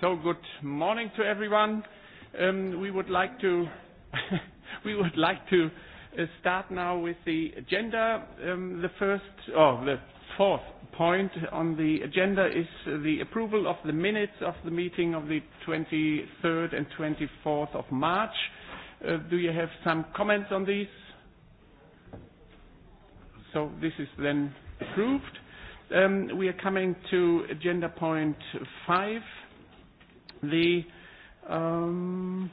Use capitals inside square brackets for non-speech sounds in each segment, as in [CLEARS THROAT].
So good morning to everyone. Um, we would like to [LAUGHS] we would like to uh, start now with the agenda. Um, the first or oh, the fourth point on the agenda is the approval of the minutes of the meeting of the 23rd and 24th of March. Uh, do you have some comments on these? So this is then approved. Um, we are coming to agenda point five, the um,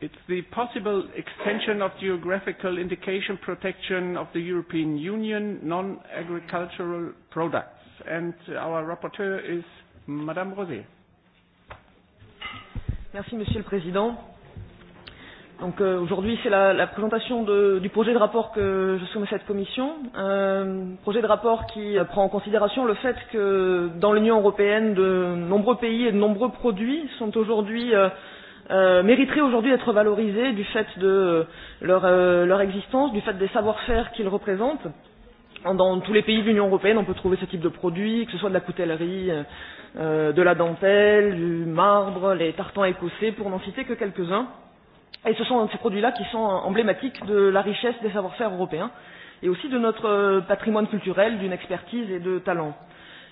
it's the possible extension of geographical indication protection of the European Union non-agricultural products. And our rapporteur is Madame Rosé. Merci, Monsieur le Président Donc euh, aujourd'hui, c'est la, la présentation de, du projet de rapport que je soumets à cette commission. Euh, projet de rapport qui euh, prend en considération le fait que dans l'Union européenne, de nombreux pays et de nombreux produits sont aujourd'hui euh, euh, mériteraient aujourd'hui d'être valorisés du fait de euh, leur, euh, leur existence, du fait des savoir-faire qu'ils représentent. Dans tous les pays de l'Union européenne, on peut trouver ce type de produits, que ce soit de la coutellerie, euh, de la dentelle, du marbre, les tartans écossais, pour n'en citer que quelques-uns. Euh, Et ce sont ces produits-là qui sont emblématiques de la richesse des savoir-faire européens et aussi de notre euh, patrimoine culturel, d'une expertise et de talents.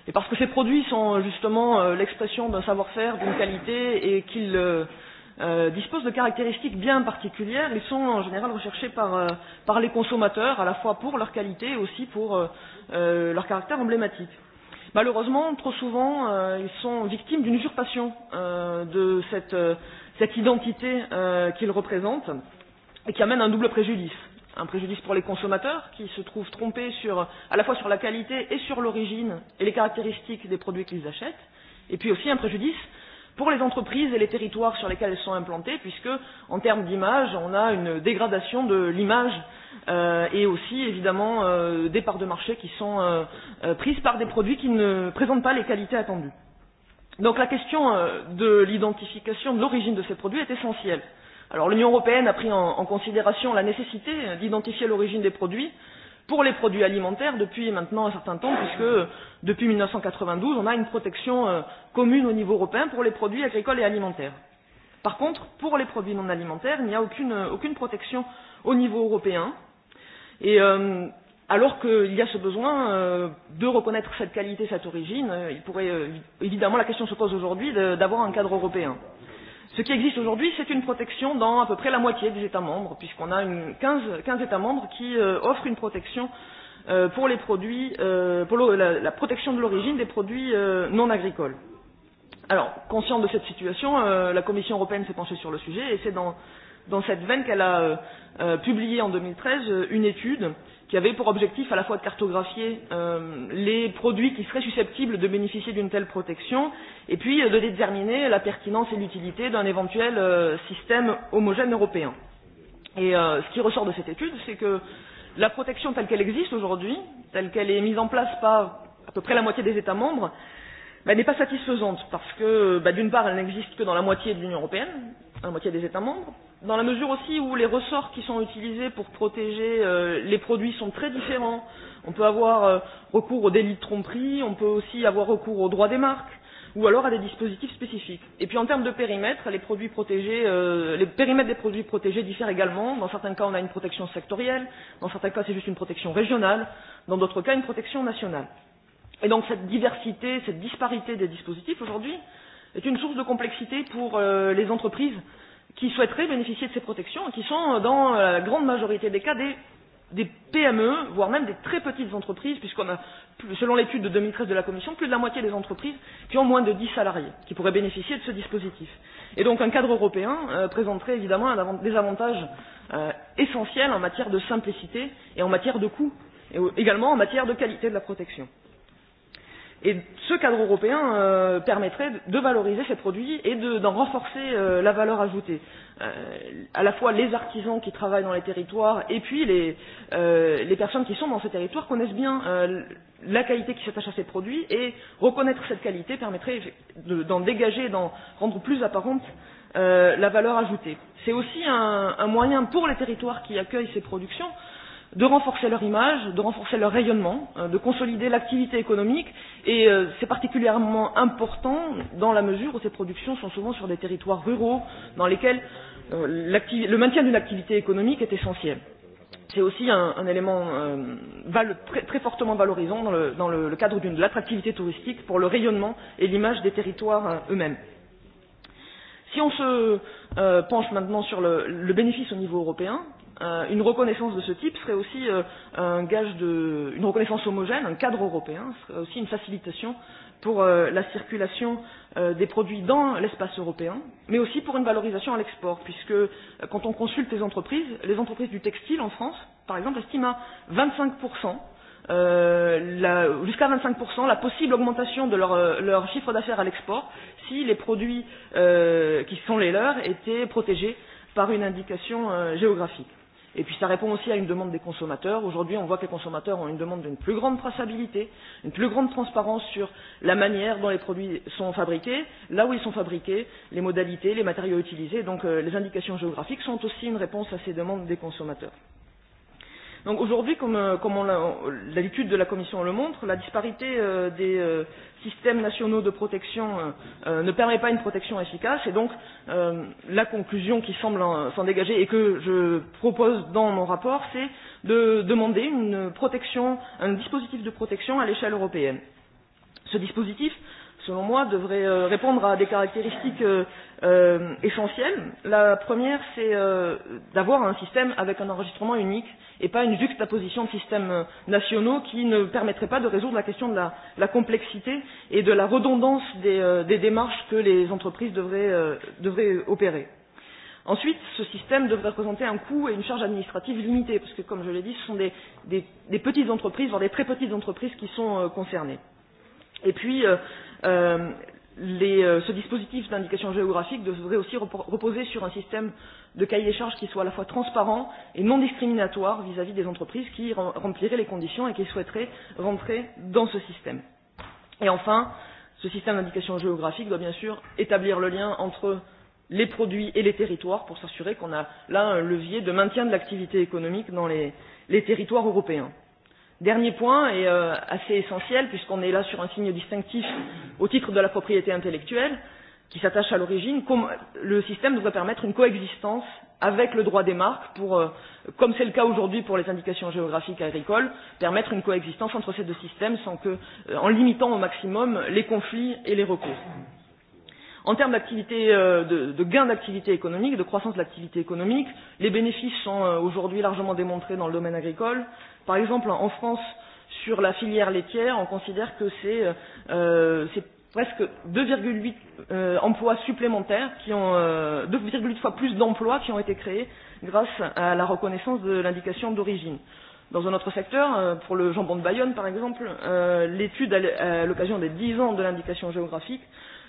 Et parce que ces produits sont justement euh, l'expression d'un savoir-faire, d'une qualité et qu'ils euh, euh, disposent de caractéristiques bien particulières, ils sont en général recherchés par, euh, par les consommateurs, à la fois pour leur qualité et aussi pour euh, leur caractère emblématique. Malheureusement, trop souvent, euh, ils sont victimes d'une usurpation euh, de cette. Euh, cette identité euh, qu'il représente et qui amène un double préjudice. Un préjudice pour les consommateurs qui se trouvent trompés sur, à la fois sur la qualité et sur l'origine et les caractéristiques des produits qu'ils achètent, et puis aussi un préjudice pour les entreprises et les territoires sur lesquels elles sont implantées, puisque en termes d'image, on a une dégradation de l'image euh, et aussi évidemment euh, des parts de marché qui sont euh, euh, prises par des produits qui ne présentent pas les qualités attendues. Donc la question euh, de l'identification de l'origine de ces produits est essentielle. Alors l'Union européenne a pris en, en considération la nécessité euh, d'identifier l'origine des produits pour les produits alimentaires depuis maintenant un certain temps, puisque euh, depuis 1992, on a une protection euh, commune au niveau européen pour les produits agricoles et alimentaires. Par contre, pour les produits non alimentaires, il n'y a aucune, euh, aucune protection au niveau européen. Et euh, alors qu'il y a ce besoin euh, de reconnaître cette qualité, cette origine. Euh, il pourrait, euh, évidemment, la question se pose aujourd'hui d'avoir un cadre européen. Ce qui existe aujourd'hui, c'est une protection dans à peu près la moitié des États membres, puisqu'on a une, 15, 15 États membres qui euh, offrent une protection euh, pour les produits, euh, pour le, la, la protection de l'origine des produits euh, non agricoles. Alors, consciente de cette situation, euh, la Commission européenne s'est penchée sur le sujet et c'est dans, dans cette veine qu'elle a euh, euh, publié en 2013 euh, une étude euh, qui avait pour objectif à la fois de cartographier euh, les produits qui seraient susceptibles de bénéficier d'une telle protection et puis euh, de déterminer la pertinence et l'utilité d'un éventuel euh, système homogène européen. Et euh, ce qui ressort de cette étude, c'est que la protection telle qu'elle existe aujourd'hui, telle qu'elle est mise en place par à peu près la moitié des États membres, bah, n'est pas satisfaisante parce que, bah, d'une part, elle n'existe que dans la moitié de l'Union européenne, dans la moitié des États membres, dans la mesure aussi où les ressorts qui sont utilisés pour protéger euh, les produits sont très différents. On peut avoir euh, recours au délit de tromperie, on peut aussi avoir recours au droit des marques, ou alors à des dispositifs spécifiques. Et puis en termes de périmètre, les produits protégés, euh, les périmètres des produits protégés diffèrent également. Dans certains cas, on a une protection sectorielle, dans certains cas, c'est juste une protection régionale, dans d'autres cas, une protection nationale. Et donc cette diversité, cette disparité des dispositifs aujourd'hui est une source de complexité pour euh, les entreprises qui souhaiteraient bénéficier de ces protections et qui sont euh, dans euh, la grande majorité des cas des, des PME, voire même des très petites entreprises, puisqu'on a, selon l'étude de 2013 de la Commission, plus de la moitié des entreprises qui ont moins de 10 salariés, qui pourraient bénéficier de ce dispositif. Et donc un cadre européen euh, présenterait évidemment un avant, des avantages euh, essentiels en matière de simplicité et en matière de coût, et également en matière de qualité de la protection. Euh, Et ce cadre européen euh, permettrait de valoriser ces produits et d'en de, renforcer euh, la valeur ajoutée. Euh, à la fois les artisans qui travaillent dans les territoires et puis les, euh, les personnes qui sont dans ces territoires connaissent bien euh, la qualité qui s'attache à ces produits et reconnaître cette qualité permettrait d'en de, dégager, d'en rendre plus apparente euh, la valeur ajoutée. C'est aussi un, un moyen pour les territoires qui accueillent ces productions euh, de renforcer leur image, de renforcer leur rayonnement, euh, de consolider l'activité économique et euh, c'est particulièrement important dans la mesure où ces productions sont souvent sur des territoires ruraux dans lesquels euh, le maintien d'une activité économique est essentiel. C'est aussi un, un élément euh, val, très, très fortement valorisant dans le, dans le, le cadre de l'attractivité touristique pour le rayonnement et l'image des territoires euh, eux-mêmes. Si on se euh, penche maintenant sur le, le bénéfice au niveau européen, euh, une reconnaissance de ce type serait aussi euh, un gage de, une reconnaissance homogène, un cadre européen, serait aussi une facilitation pour euh, la circulation euh, des produits dans l'espace européen, mais aussi pour une valorisation à l'export, puisque euh, quand on consulte les entreprises, les entreprises du textile en France, par exemple, estiment à 25 euh, jusqu'à 25% la possible augmentation de leur, euh, leur chiffre d'affaires à l'export si les produits euh, qui sont les leurs étaient protégés par une indication euh, géographique. Et puis ça répond aussi à une demande des consommateurs. Aujourd'hui, on voit que les consommateurs ont une demande d'une plus grande traçabilité, une plus grande transparence sur la manière dont les produits sont fabriqués, là où ils sont fabriqués, les modalités, les matériaux utilisés. Donc euh, les indications géographiques sont aussi une réponse à ces demandes des consommateurs. Euh, Donc aujourd'hui, comme, euh, comme l'habitude de la Commission le montre, la disparité euh, des euh, systèmes nationaux de protection euh, euh ne permet pas une protection efficace et donc euh, la conclusion qui semble s'en dégager et que je propose dans mon rapport, c'est de demander une protection, un dispositif de protection à l'échelle européenne. Ce dispositif euh, selon moi, devrait euh, répondre à des caractéristiques euh, euh, essentielles. La première, c'est euh, d'avoir un système avec un enregistrement unique et pas une juxtaposition de systèmes euh, nationaux qui ne permettrait pas de résoudre la question de la, la complexité et de la redondance des, euh, des démarches que les entreprises devraient, euh, devraient opérer. Ensuite, ce système devrait représenter un coût et une charge administrative limitée, parce que, comme je l'ai dit, ce sont des, des, des petites entreprises, voire des très petites entreprises qui sont euh, concernées. Et puis, euh, Euh, les, euh, ce dispositif d'indication géographique devrait aussi reposer sur un système de cahier des charges qui soit à la fois transparent et non discriminatoire vis-à-vis -vis des entreprises qui rempliraient les conditions et qui souhaiteraient rentrer dans ce système. Et enfin, ce système d'indication géographique doit bien sûr établir le lien entre les produits et les territoires pour s'assurer qu'on a là un levier de maintien de l'activité économique dans les, les territoires européens. Dernier point, et euh, assez essentiel, puisqu'on est là sur un signe distinctif au titre de la propriété intellectuelle, qui s'attache à l'origine, le système devrait permettre une coexistence avec le droit des marques pour, euh, comme c'est le cas aujourd'hui pour les indications géographiques agricoles, permettre une coexistence entre ces deux systèmes sans que, euh, en limitant au maximum les conflits et les recours. Mmh. En termes d'activité, euh, de, de gains d'activité économique, de croissance de l'activité économique, les bénéfices sont euh, aujourd'hui largement démontrés dans le domaine agricole. Par exemple, en France, sur la filière laitière, on considère que c'est euh, presque 2,8 euh, emplois supplémentaires qui ont euh, 2,8 fois plus d'emplois qui ont été créés grâce à la reconnaissance de l'indication d'origine. Dans un autre secteur, euh, pour le jambon de Bayonne par exemple, euh, l'étude à l'occasion des 10 ans de l'indication géographique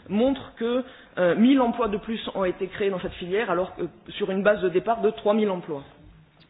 montrent que euh, 1000 emplois de plus ont été créés dans cette filière, alors que sur une base de départ de 3000 emplois.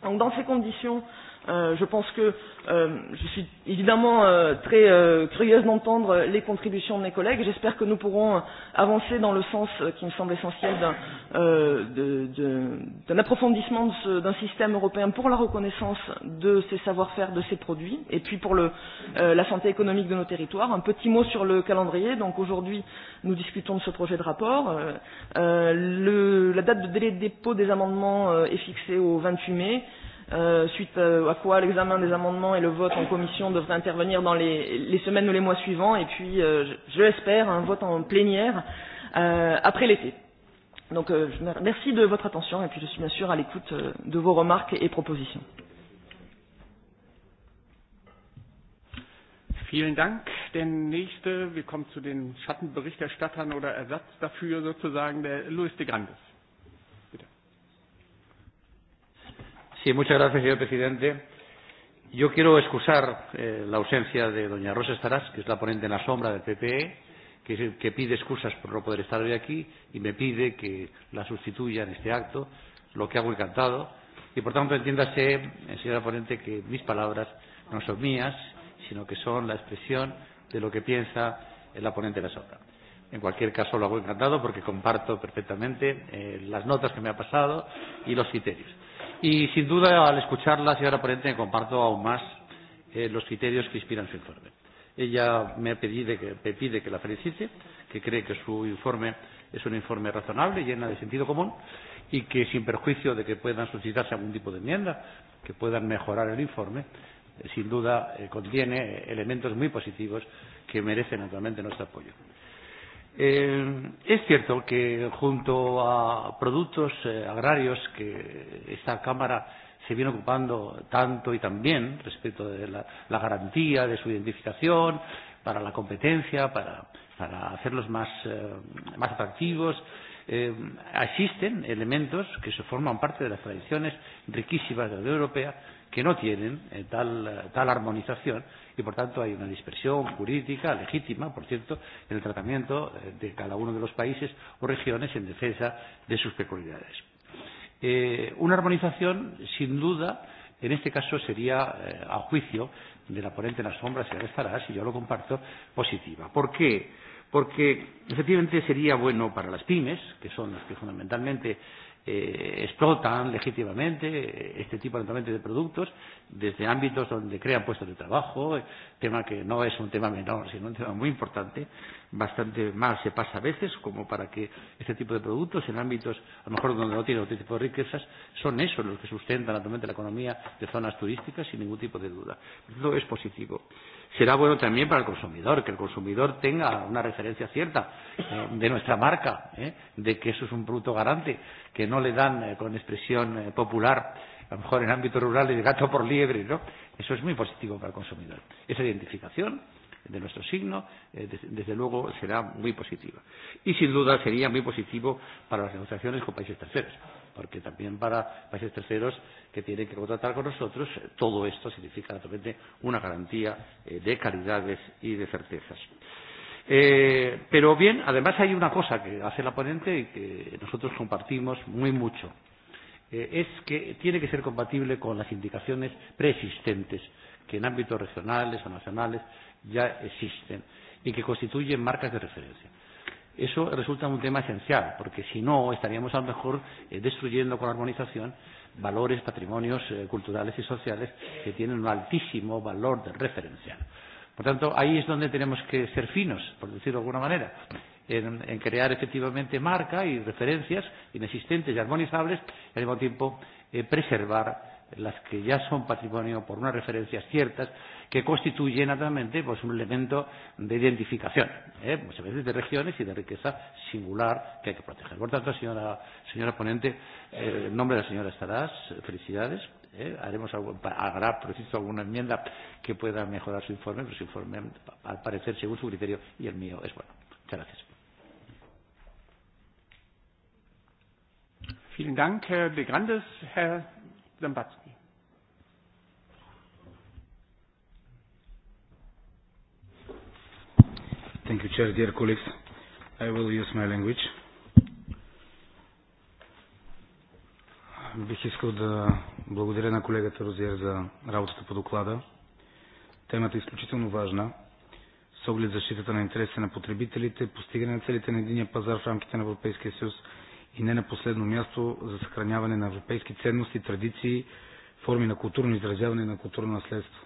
Donc dans ces conditions, euh, Euh, je pense que euh, je suis évidemment euh, très euh, curieuse d'entendre les contributions de mes collègues. J'espère que nous pourrons avancer dans le sens euh, qui me semble essentiel d'un euh, d'un approfondissement d'un système européen pour la reconnaissance de ces savoir-faire, de ces produits, et puis pour le, euh, la santé économique de nos territoires. Un petit mot sur le calendrier. Donc aujourd'hui, nous discutons de ce projet de rapport. Euh, euh, le, la date de délai de dépôt des amendements euh, est fixée au 28 mai. Euh, euh, suite euh, à quoi l'examen des amendements et le vote en commission devraient intervenir dans les, les semaines ou les mois suivants, et puis, euh, je, je l'espère, un vote en plénière euh, après l'été. Donc, euh, je, merci de votre attention, et puis je suis bien sûr à l'écoute euh, de vos remarques et propositions. Vielen Dank. Der nächste, wir kommen zu den Schattenberichterstattern oder Ersatz dafür sozusagen, der Luis de Grandes. Sí, muchas gracias, señor presidente. Yo quiero excusar eh, la ausencia de doña Rosa Estarás, que es la ponente en la sombra del PPE, que, que pide excusas por no poder estar hoy aquí y me pide que la sustituya en este acto, lo que hago encantado. Y por tanto, entiéndase, eh, señora ponente, que mis palabras no son mías, sino que son la expresión de lo que piensa eh, la ponente de la sombra. En cualquier caso, lo hago encantado porque comparto perfectamente eh, las notas que me ha pasado y los criterios y sin duda al escucharla, señora ponente, comparto aún más eh, los criterios que inspiran su informe. Ella me pide que, me pide que la felicite, que cree que su informe es un informe razonable, llena de sentido común y que sin perjuicio de que puedan suscitarse algún tipo de enmienda que puedan mejorar el informe, eh, sin duda eh, contiene elementos muy positivos que merecen naturalmente nuestro apoyo. Eh, es cierto que junto a productos eh, agrarios que esta Cámara se viene ocupando tanto y también respecto de la, la garantía de su identificación para la competencia, para, para hacerlos más, eh, más atractivos, eh, existen elementos que se forman parte de las tradiciones riquísimas de la Unión Europea que no tienen eh, tal, tal armonización y por tanto hay una dispersión jurídica legítima, por cierto, en el tratamiento eh, de cada uno de los países o regiones en defensa de sus peculiaridades. Eh, una armonización, sin duda, en este caso sería, eh, a juicio de la ponente en las sombras, se restará, si yo lo comparto, positiva. ¿Por qué? Porque efectivamente sería bueno para las pymes, que son las que fundamentalmente eh, explotan legítimamente este tipo lentamente de productos desde ámbitos donde crean puestos de trabajo, tema que no es un tema menor, sino un tema muy importante, bastante mal se pasa a veces, como para que este tipo de productos en ámbitos, a lo mejor donde no tienen otro tipo de riquezas, son esos los que sustentan actualmente la economía de zonas turísticas sin ningún tipo de duda. Por tanto, es positivo. Eh, será bueno también para el consumidor, que el consumidor tenga una referencia cierta eh, de nuestra marca, eh, de que eso es un producto garante, que no le dan eh, con expresión eh, popular, a lo mejor en ámbitos rurales, de gato por liebre, ¿no? Eso es muy positivo para el consumidor. Esa identificación de nuestro signo, eh, desde, desde luego, será muy positiva. Y sin duda sería muy positivo para las negociaciones con países terceros porque también para países terceros que tienen que contratar con nosotros, eh, todo esto significa naturalmente una garantía eh, de calidades y de certezas. Eh, pero bien, además hay una cosa que hace la ponente y que nosotros compartimos muy mucho. Eh, es que tiene que ser compatible con las indicaciones preexistentes que en ámbitos regionales o nacionales ya existen y que constituyen marcas de referencia. Eso resulta un tema esencial, porque si no, estaríamos a lo mejor eh, destruyendo con armonización valores, patrimonios eh, culturales y sociales que tienen un altísimo valor de referencia. Por tanto, ahí es donde tenemos que ser finos, por decirlo de alguna manera, en, en crear efectivamente marca y referencias inexistentes y armonizables y al mismo tiempo eh, preservar las que ya son patrimonio por unas referencias ciertas que constituyen naturalmente pues, un elemento de identificación, ¿eh? muchas veces de regiones y de riqueza singular que hay que proteger. Por tanto, señora, señora ponente, eh, en nombre de la señora Estarás, felicidades. ¿eh? Haremos algún, hará, preciso, alguna enmienda que pueda mejorar su informe, pero su informe, al parecer, según su criterio y el mío, es bueno. Muchas gracias. Vielen Dank, Herr De Grandes. Herr Zębacki. Thank you, Chair. Dear colleagues, I will use my language. Бих искал да благодаря на колегата Розиер за работата по доклада. Темата е изключително важна с оглед защитата на интересите на потребителите, постигане на целите на единия пазар в рамките на Европейския съюз – и не на последно място за съхраняване на европейски ценности, традиции, форми на културно изразяване и на културно наследство.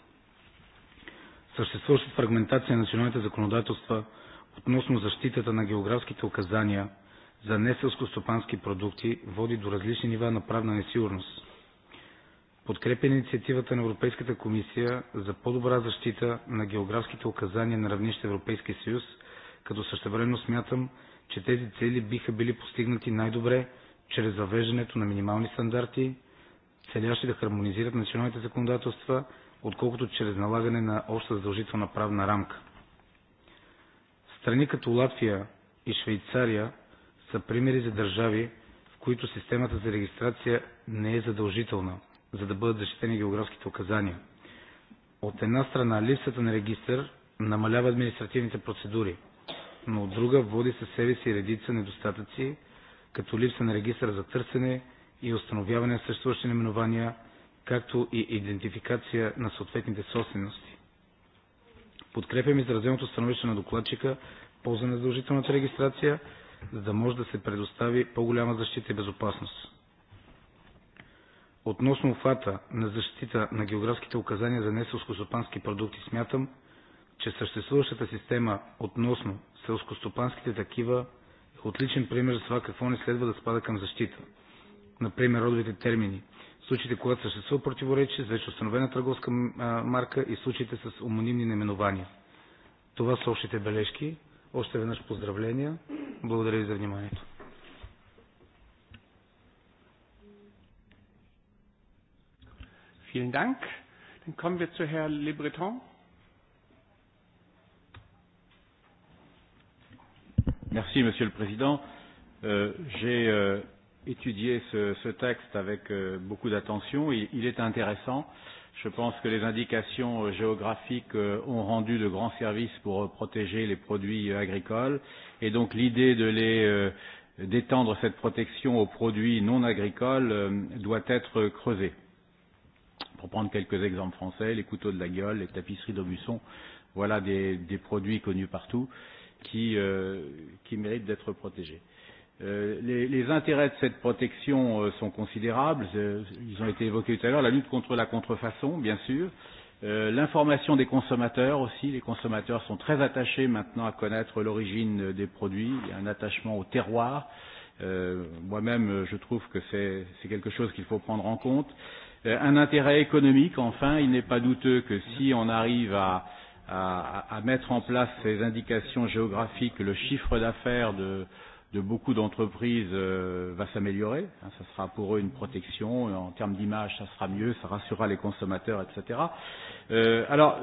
Съществуващата фрагментация на националните законодателства относно защитата на географските указания за неселскостопански продукти води до различни нива на правна несигурност. Подкрепя инициативата на Европейската комисия за по-добра защита на географските указания на равнище Европейски съюз, като същевременно смятам, че тези цели биха били постигнати най-добре чрез въвеждането на минимални стандарти, целящи да хармонизират националните законодателства, отколкото чрез налагане на обща задължителна правна рамка. Страни като Латвия и Швейцария са примери за държави, в които системата за регистрация не е задължителна, за да бъдат защитени географските указания. От една страна, липсата на регистър намалява административните процедури – но от друга води със себе си редица недостатъци, като липса на регистър за търсене и установяване на съществуващи наименования, както и идентификация на съответните собствености. Подкрепям изразеното становище на докладчика в полза на задължителната регистрация, за да може да се предостави по-голяма защита и безопасност. Относно обхвата на защита на географските указания за неселскостопански продукти, смятам, че съществуващата система относно селскостопанските такива е отличен пример за това какво не следва да спада към защита. Например, родовите термини, в случаите, когато съществува противоречие с вече установена търговска марка и случаите с омонимни наименования. Това са общите бележки. Още веднъж поздравления. Благодаря ви за вниманието. Vielen Dank. Dann kommen wir zu Herrn Le Breton. Merci, Monsieur le Président. Euh, J'ai euh, étudié ce, ce texte avec euh, beaucoup d'attention. Il, il est intéressant. Je pense que les indications euh, géographiques euh, ont rendu de grands services pour euh, protéger les produits euh, agricoles. Et donc l'idée de les euh, d'étendre cette protection aux produits non agricoles euh, doit être creusée. Pour prendre quelques exemples français, les couteaux de la gueule, les tapisseries d'Aubusson, voilà des, des produits connus partout. Euh, qui, euh, qui méritent d'être protégés. Euh, les, les intérêts de cette protection euh, sont considérables, euh, ils ont été évoqués tout à l'heure, la lutte contre la contrefaçon, bien sûr, euh, l'information des consommateurs aussi, les consommateurs sont très attachés maintenant à connaître l'origine euh, des produits, il y a un attachement au terroir, euh, moi-même euh, je trouve que c'est quelque chose qu'il faut prendre en compte. Euh, un intérêt économique, enfin, il n'est pas douteux que si on arrive à euh, à, à mettre en place ces indications géographiques, le chiffre d'affaires de, de beaucoup d'entreprises euh, va s'améliorer. Hein, ça sera pour eux une protection. En termes d'image, ça sera mieux, ça rassurera les consommateurs, etc. Euh, alors,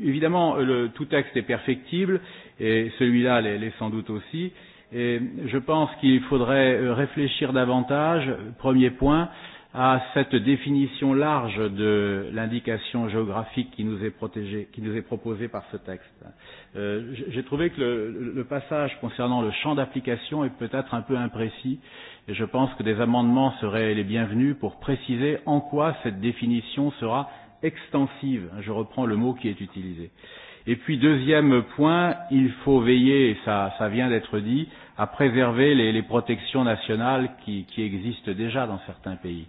évidemment, le, tout texte est perfectible et celui-là l'est sans doute aussi. Et je pense qu'il faudrait euh, réfléchir davantage, premier point, euh, à cette définition large de l'indication géographique qui nous est protégée, qui nous est proposée par ce texte. Euh, J'ai trouvé que le, le passage concernant le champ d'application est peut-être un peu imprécis et je pense que des amendements seraient les bienvenus pour préciser en quoi cette définition sera extensive. Je reprends le mot qui est utilisé. Et puis deuxième point, il faut veiller, et ça, ça vient d'être dit, à préserver les, les protections nationales qui, qui existent déjà dans certains pays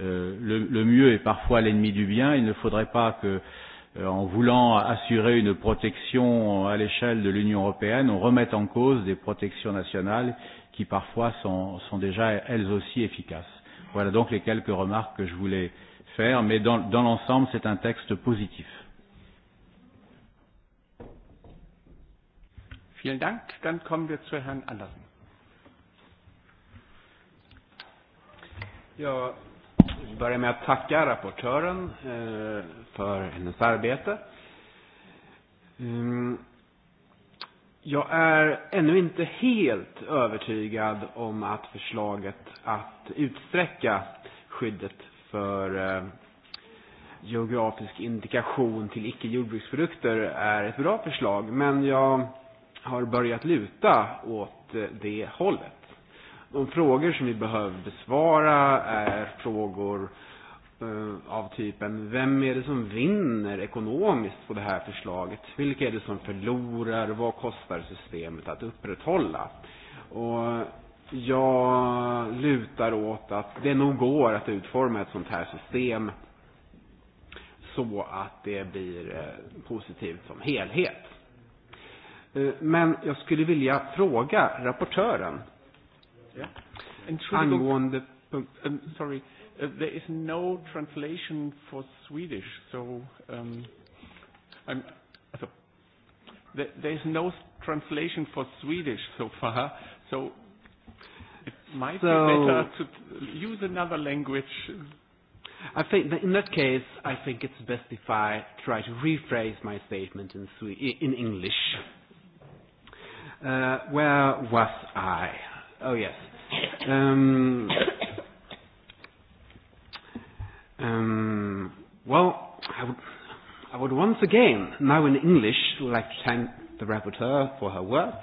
euh, le, le mieux est parfois l'ennemi du bien. Il ne faudrait pas que, euh, en voulant assurer une protection à l'échelle de l'Union européenne, on remette en cause des protections nationales qui parfois sont, sont déjà elles aussi efficaces. Voilà donc les quelques remarques que je voulais faire, mais dans, dans l'ensemble, c'est un texte positif. Vielen Dank. Dann kommen wir zu Herrn Andersen. Ja, börja med att tacka rapportören eh, för hennes arbete. Mm. Jag är ännu inte helt övertygad om att förslaget att utsträcka skyddet för eh, geografisk indikation till icke-jordbruksprodukter är ett bra förslag, men jag har börjat luta åt eh, det hållet de frågor som vi behöver besvara är frågor eh, av typen vem är det som vinner ekonomiskt på det här förslaget? Vilka är det som förlorar? Vad kostar systemet att upprätthålla? Och jag lutar åt att det nog går att utforma ett sånt här system så att det blir eh, positivt som helhet. Eh, men jag skulle vilja fråga rapportören Ja? Entschuldigung. Angewandt. Um, um, sorry, uh, there is no translation for Swedish, so um, I'm, so there, there is no translation for Swedish so far. So it might so, be better to use another language. I think that in that case, I think it's best if I try to rephrase my statement in, Swe- in English. Uh, where was I? Oh, yes. Um, um, well, I would, I would once again, now in English, would like to thank the rapporteur for her work.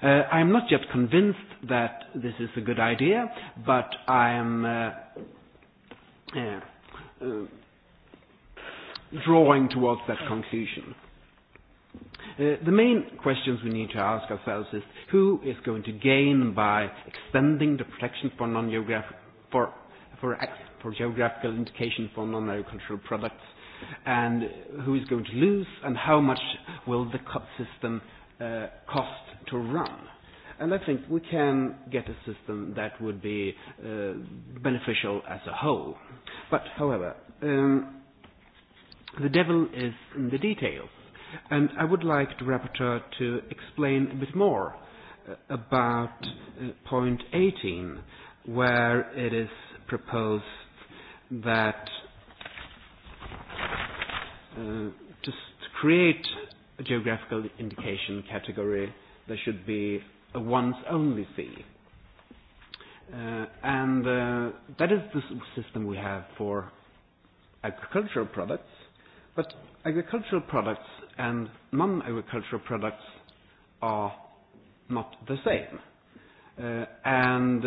Uh, I am not yet convinced that this is a good idea, but I am uh, uh, uh, drawing towards that conclusion. Uh, the main questions we need to ask ourselves is who is going to gain by extending the protection for non-geographic for for, for geographical indication for non-agricultural products, and who is going to lose, and how much will the system uh, cost to run? And I think we can get a system that would be uh, beneficial as a whole. But, however, um, the devil is in the details. And I would like the rapporteur to explain a bit more uh, about uh, point 18, where it is proposed that uh, just to create a geographical indication category, there should be a once only fee. Uh, and uh, that is the system we have for agricultural products, but agricultural products and non-agricultural products are not the same. Uh, and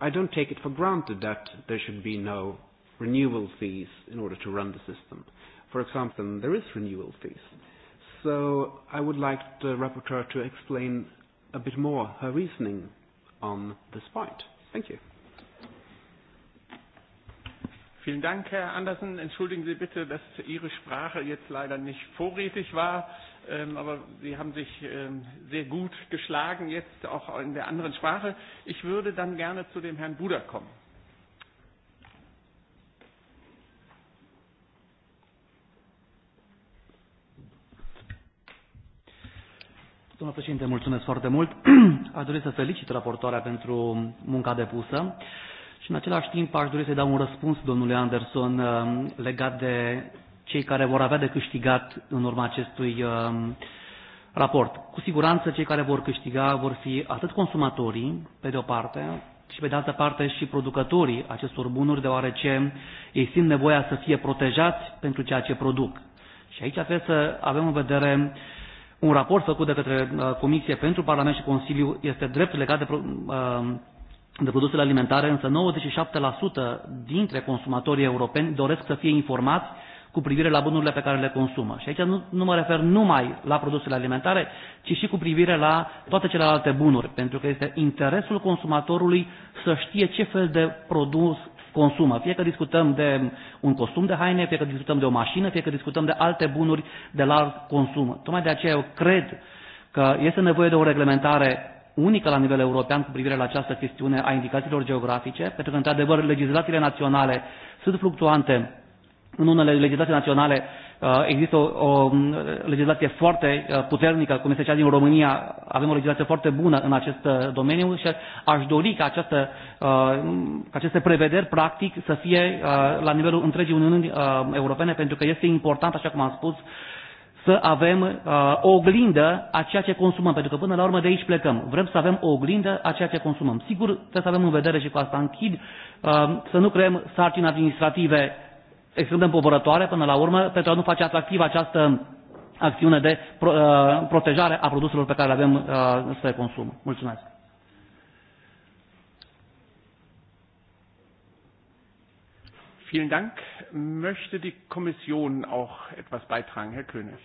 I don't take it for granted that there should be no renewal fees in order to run the system. For example, there is renewal fees. So I would like the rapporteur to explain a bit more her reasoning on this point. Thank you. Vielen Dank, Herr Andersen. Entschuldigen Sie bitte, dass Ihre Sprache jetzt leider nicht vorrätig war, ähm, aber Sie haben sich ähm, sehr gut geschlagen, jetzt auch in der anderen Sprache. Ich würde dann gerne zu dem Herrn Buder kommen. Domnul președinte, mulțumesc foarte mult. [CLEARS THROAT] Aș dori să felicit raportoarea pentru munca depusă. Uh, Și în același timp aș dori să-i dau un răspuns, domnule Anderson, um, legat de cei care vor avea de câștigat în urma acestui um, raport. Cu siguranță cei care vor câștiga vor fi atât consumatorii, pe de o parte, și pe de altă parte și producătorii acestor bunuri, deoarece ei simt nevoia să fie protejați pentru ceea ce produc. Și aici trebuie să avem în vedere un raport făcut de către uh, Comisie pentru Parlament și Consiliu este drept legat de um, de produsele alimentare, însă 97% dintre consumatorii europeni doresc să fie informați cu privire la bunurile pe care le consumă. Și aici nu, nu mă refer numai la produsele alimentare, ci și cu privire la toate celelalte bunuri, pentru că este interesul consumatorului să știe ce fel de produs consumă. Fie că discutăm de un costum de haine, fie că discutăm de o mașină, fie că discutăm de alte bunuri de larg consum. Tocmai de aceea eu cred că este nevoie de o reglementare unică la nivel european cu privire la această chestiune a indicațiilor geografice, pentru că, într-adevăr, legislațiile naționale sunt fluctuante. În unele legislații naționale uh, există o, o um, legislație foarte uh, puternică, cum este cea din România, avem o legislație foarte bună în acest uh, domeniu și aș dori ca, această, ca aceste prevederi, practic, să fie la nivelul întregii Uniuni Europene, pentru că este important, așa cum am spus, să avem uh, o oglindă a ceea ce consumăm, pentru că până la urmă de aici plecăm. Vrem să avem o oglindă a ceea ce consumăm. Sigur, trebuie să avem în vedere și cu asta închid, uh, să nu creăm sarcini administrative extrem de împovărătoare până la urmă, pentru a nu face atractiv această acțiune de pro, uh, protejare a produselor pe care le avem uh, să le consumăm. Mulțumesc! Vielen Dank. Möchte die Kommission auch etwas beitragen, Herr König?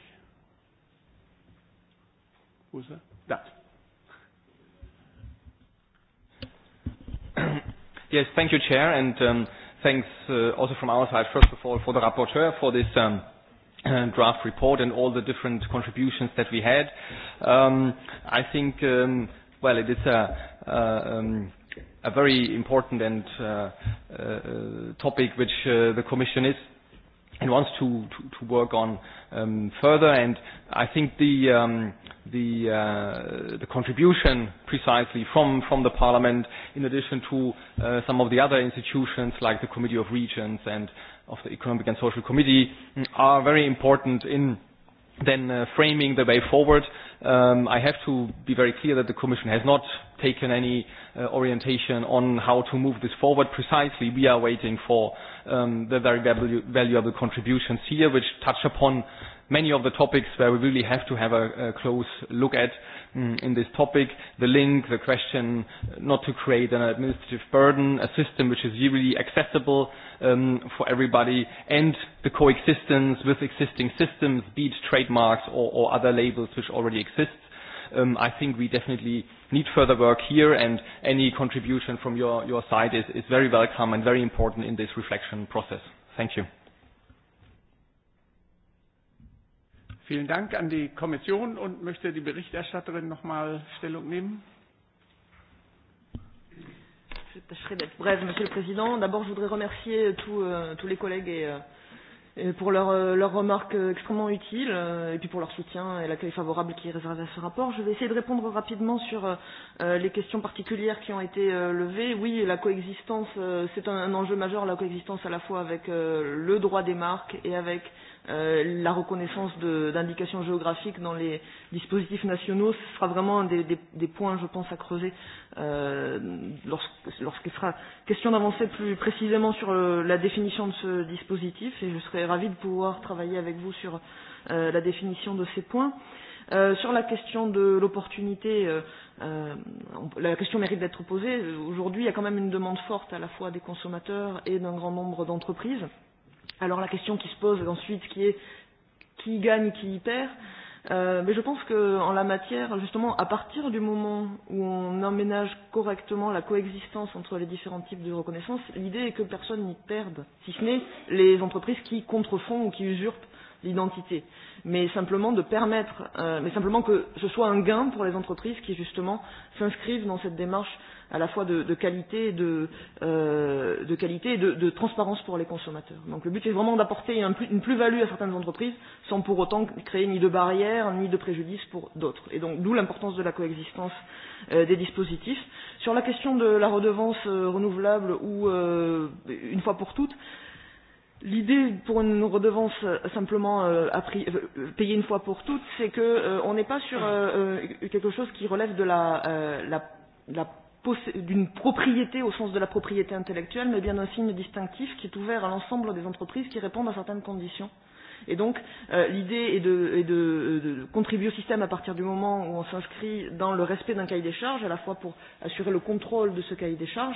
Wo ist er? Da. Yes, thank you, Chair, and um, thanks uh, also from our side, first of all, for the rapporteur for this um, uh, draft report and all the different contributions that we had. Um, I think, um, well, it is a, a um, a very important and uh, uh, topic which uh, the Commission is and wants to, to, to work on um, further. And I think the, um, the, uh, the contribution precisely from, from the Parliament, in addition to uh, some of the other institutions like the Committee of Regions and of the Economic and Social Committee, mm, are very important in Then uh, framing the way forward, um, I have to be very clear that the Commission has not taken any uh, orientation on how to move this forward precisely. We are waiting for um, the very valu valuable contributions here, which touch upon many of the topics where we really have to have a, a close look at Mm, in this topic, the link, the question uh, not to create an administrative burden, a system which is really accessible um, for everybody, and the coexistence with existing systems, be it trademarks or, or other labels which already exist. Um, I think we definitely need further work here, and any contribution from your, your side is, is very welcome and very important in this reflection process. Thank you. Vielen Dank an die Kommission und möchte die Berichterstatterin noch mal Stellung nehmen. Je tâcherai d'être brève, Monsieur le Président. D'abord, je voudrais remercier tous, euh, tous les collègues et, euh, et pour leurs leur, leur remarques euh, extrêmement utiles euh, et puis pour leur soutien et l'accueil favorable qui est réservé à ce rapport. Je vais essayer de répondre rapidement sur euh, euh, les questions particulières qui ont été euh, levées. Oui, la coexistence, euh, c'est un, un enjeu majeur, la coexistence à la fois avec euh, le droit des marques et avec euh, euh, la reconnaissance d'indications géographiques dans les dispositifs nationaux ce sera vraiment un des, des, des points, je pense, à creuser euh, lorsqu'il lorsqu sera question d'avancer plus précisément sur le, euh, la définition de ce dispositif et je serai ravie de pouvoir travailler avec vous sur euh, la définition de ces points. Euh, sur la question de l'opportunité, euh, euh, la question mérite d'être posée. Aujourd'hui, il y a quand même une demande forte à la fois des consommateurs et d'un grand nombre d'entreprises. Euh, Alors la question qui se pose ensuite, qui est qui gagne et qui y perd, euh, mais je pense qu'en la matière, justement, à partir du moment où on emménage correctement la coexistence entre les différents types de reconnaissance, l'idée est que personne n'y perde, si ce n'est les entreprises qui contrefont ou qui usurpent l'identité, mais simplement de permettre, euh, mais simplement que ce soit un gain pour les entreprises qui justement s'inscrivent dans cette démarche euh, à la fois de, de qualité et de, euh, de, qualité et de, de transparence pour les consommateurs. Donc le but est vraiment d'apporter un, une plus-value à certaines entreprises sans pour autant créer ni de barrières ni de préjudice pour d'autres. Et donc d'où l'importance de la coexistence euh, des dispositifs. Sur la question de la redevance euh, renouvelable ou euh, une fois pour toutes, L'idée pour une redevance euh, simplement euh, à prix, euh, payée une fois pour toutes, c'est qu'on euh, n'est pas sur euh, euh, quelque chose qui relève de la, euh, la, la d'une propriété au sens de la propriété intellectuelle, mais bien un signe distinctif qui est ouvert à l'ensemble des entreprises qui répondent à certaines conditions. Et donc, euh, l'idée est, de, est de, de contribuer au système à partir du moment où on s'inscrit dans le respect d'un cahier des charges, à la fois pour assurer le contrôle de ce cahier des charges,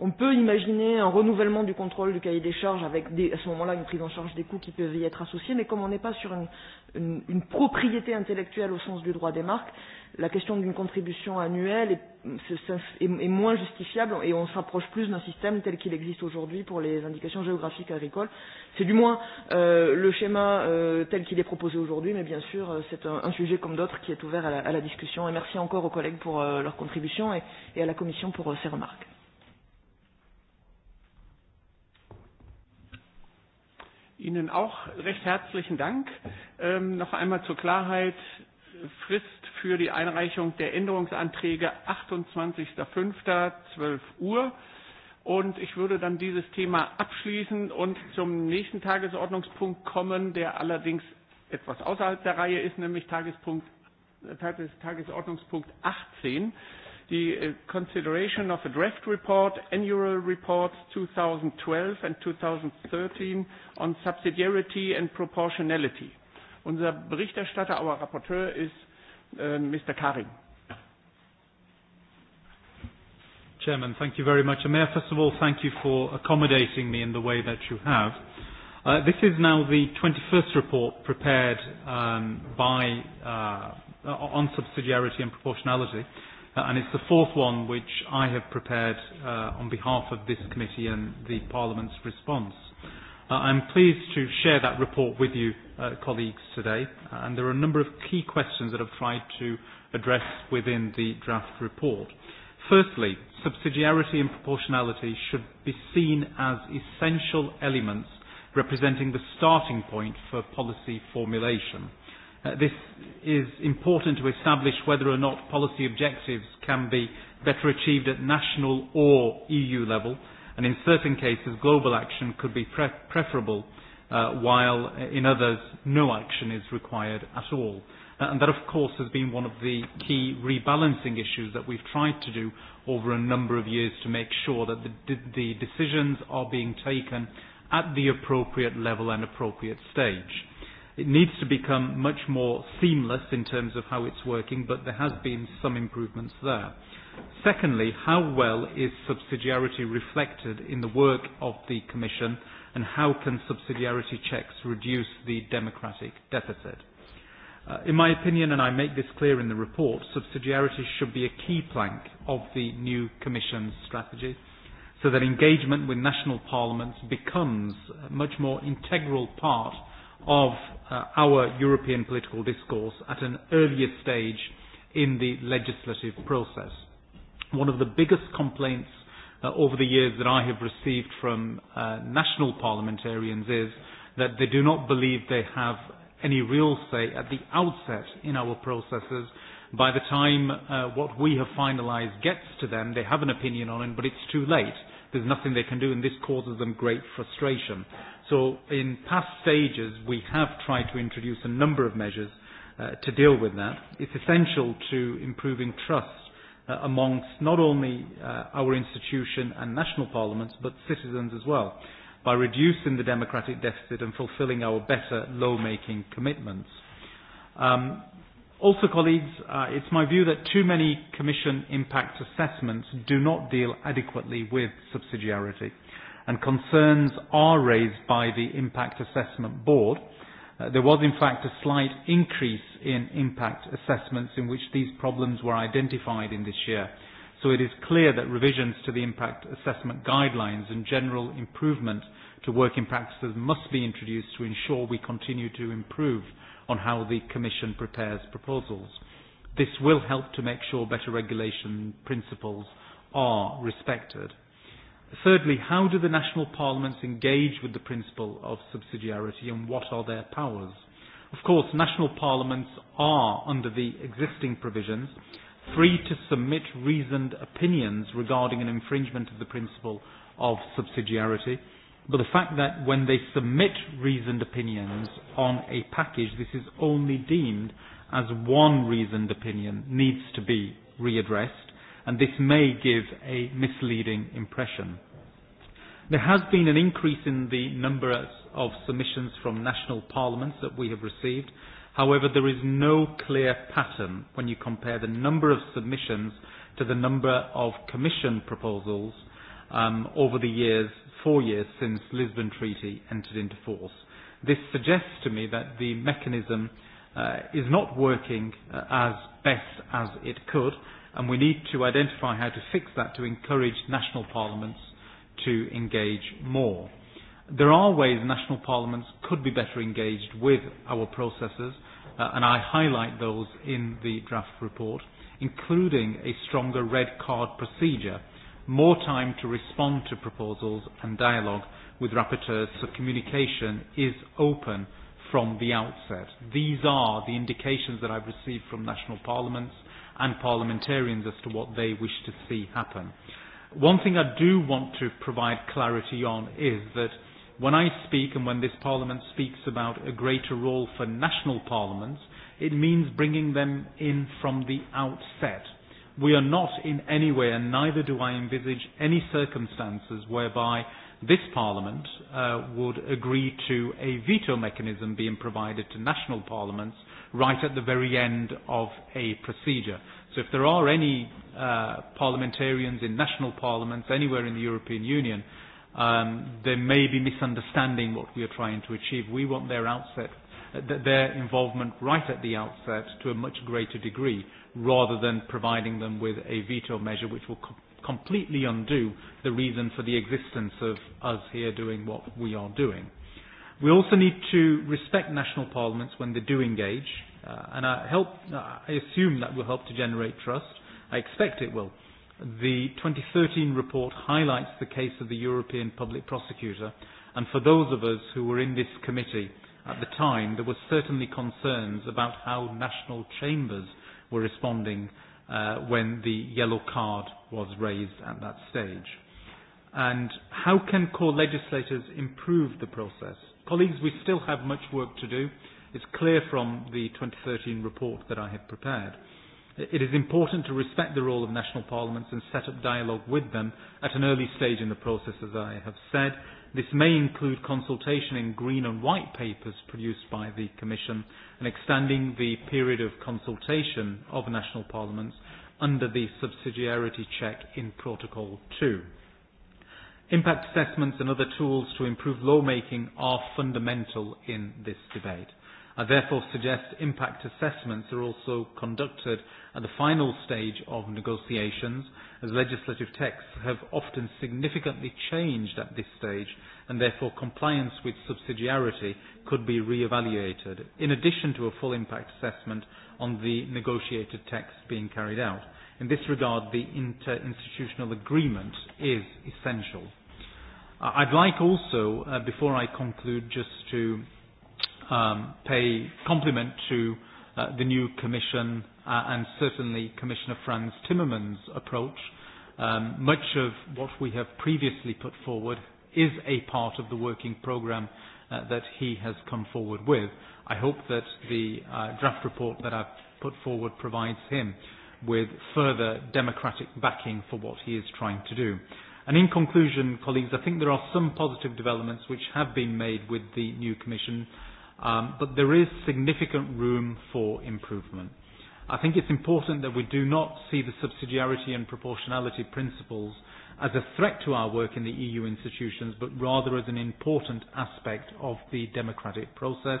On peut imaginer un renouvellement du contrôle du cahier des charges avec des, à ce moment-là une prise en charge des coûts qui peuvent y être associés, mais comme on n'est pas sur une, une, une propriété intellectuelle au sens du droit des marques, la question d'une contribution annuelle est, est, est, est moins justifiable et on s'approche plus d'un système tel qu'il existe aujourd'hui pour les indications géographiques agricoles. C'est du moins euh, le schéma euh, tel qu'il est proposé aujourd'hui, mais bien sûr euh, c'est un, un sujet comme d'autres qui est ouvert à la, à la discussion. Et merci encore aux collègues pour euh, leur contribution et, et à la Commission pour euh, ses remarques. Ihnen auch recht herzlichen Dank. Ähm, noch einmal zur Klarheit. Frist für die Einreichung der Änderungsanträge 28.05.12 Uhr. Und ich würde dann dieses Thema abschließen und zum nächsten Tagesordnungspunkt kommen, der allerdings etwas außerhalb der Reihe ist, nämlich Tagespunkt, äh, Tagesordnungspunkt 18 the uh, consideration of a draft report, annual reports 2012 and 2013 on subsidiarity and proportionality. Unser Berichterstatter, our Rapporteur ist uh, Mr. Karim. Chairman, thank you very much. And may I first of all thank you for accommodating me in the way that you have. Uh, this is now the 21st report prepared um, by, uh, on subsidiarity and proportionality. Uh, and it's the fourth one which I have prepared uh, on behalf of this committee and the Parliament's response. Uh, I'm pleased to share that report with you, uh, colleagues, today. Uh, and there are a number of key questions that I've tried to address within the draft report. Firstly, subsidiarity and proportionality should be seen as essential elements representing the starting point for policy formulation. Uh, Uh, this is important to establish whether or not policy objectives can be better achieved at national or EU level, and in certain cases global action could be pre preferable, uh, while in others no action is required at all. Uh, and that, of course, has been one of the key rebalancing issues that we've tried to do over a number of years to make sure that the, the decisions are being taken at the appropriate level and appropriate stage. It needs to become much more seamless in terms of how it's working, but there has been some improvements there. Secondly, how well is subsidiarity reflected in the work of the Commission, and how can subsidiarity checks reduce the democratic deficit? Uh, in my opinion, and I make this clear in the report, subsidiarity should be a key plank of the new Commission's strategy so that engagement with national parliaments becomes a much more integral part of uh, our European political discourse at an earlier stage in the legislative process. One of the biggest complaints uh, over the years that I have received from uh, national parliamentarians is that they do not believe they have any real say at the outset in our processes. By the time uh, what we have finalised gets to them, they have an opinion on it, but it's too late. There's nothing they can do, and this causes them great frustration. So in past stages, we have tried to introduce a number of measures uh, to deal with that. It's essential to improving trust uh, amongst not only uh, our institution and national parliaments, but citizens as well, by reducing the democratic deficit and fulfilling our better law-making commitments. Um, also, colleagues, uh, it's my view that too many Commission impact assessments do not deal adequately with subsidiarity. Uh, and concerns are raised by the Impact Assessment Board. Uh, there was, in fact, a slight increase in impact assessments in which these problems were identified in this year. So it is clear that revisions to the impact assessment guidelines and general improvement to working practices must be introduced to ensure we continue to improve on how the Commission prepares proposals. This will help to make sure better regulation principles are respected. Thirdly, how do the national parliaments engage with the principle of subsidiarity and what are their powers? Of course, national parliaments are, under the existing provisions, free to submit reasoned opinions regarding an infringement of the principle of subsidiarity. But the fact that when they submit reasoned opinions on a package, this is only deemed as one reasoned opinion needs to be readdressed and this may give a misleading impression. There has been an increase in the number of submissions from national parliaments that we have received. However, there is no clear pattern when you compare the number of submissions to the number of commission proposals um, over the years, four years since Lisbon Treaty entered into force. This suggests to me that the mechanism uh, is not working uh, as best as it could, and we need to identify how to fix that to encourage national parliaments to engage more. There are ways national parliaments could be better engaged with our processes, uh, and I highlight those in the draft report, including a stronger red card procedure, more time to respond to proposals and dialogue with rapporteurs so communication is open from the outset. These are the indications that I've received from national parliaments and parliamentarians as to what they wish to see happen. One thing I do want to provide clarity on is that when I speak and when this Parliament speaks about a greater role for national parliaments, it means bringing them in from the outset. We are not in any way, and neither do I envisage any circumstances whereby this Parliament uh, would agree to a veto mechanism being provided to national parliaments right at the very end of a procedure. So if there are any uh, parliamentarians in national parliaments anywhere in the European Union, um, they may be misunderstanding what we are trying to achieve. We want their outset, uh, their involvement right at the outset to a much greater degree, rather than providing them with a veto measure which will com- completely undo the reason for the existence of us here doing what we are doing. We also need to respect national parliaments when they do engage, uh, and I, help, I assume that will help to generate trust. I expect it will. The 2013 report highlights the case of the European Public Prosecutor, and for those of us who were in this committee at the time, there were certainly concerns about how national chambers were responding uh, when the yellow card was raised at that stage. And how can core legislators improve the process? Colleagues, we still have much work to do. It's clear from the 2013 report that I have prepared. It is important to respect the role of national parliaments and set up dialogue with them at an early stage in the process, as I have said. This may include consultation in green and white papers produced by the Commission and extending the period of consultation of national parliaments under the subsidiarity check in Protocol 2. Impact assessments and other tools to improve lawmaking are fundamental in this debate. I therefore suggest impact assessments are also conducted at the final stage of negotiations, as legislative texts have often significantly changed at this stage, and therefore compliance with subsidiarity could be re-evaluated, in addition to a full impact assessment on the negotiated text being carried out. In this regard, the interinstitutional agreement is essential. I'd like also, uh, before I conclude, just to um, pay compliment to uh, the new Commission uh, and certainly Commissioner Franz Timmermans' approach. Um, much of what we have previously put forward is a part of the working programme uh, that he has come forward with. I hope that the uh, draft report that I've put forward provides him with further democratic backing for what he is trying to do. Uh, And in conclusion, colleagues, I think there are some positive developments which have been made with the new Commission, um, but there is significant room for improvement. I think it's important that we do not see the subsidiarity and proportionality principles as a threat to our work in the EU institutions, but rather as an important aspect of the democratic process.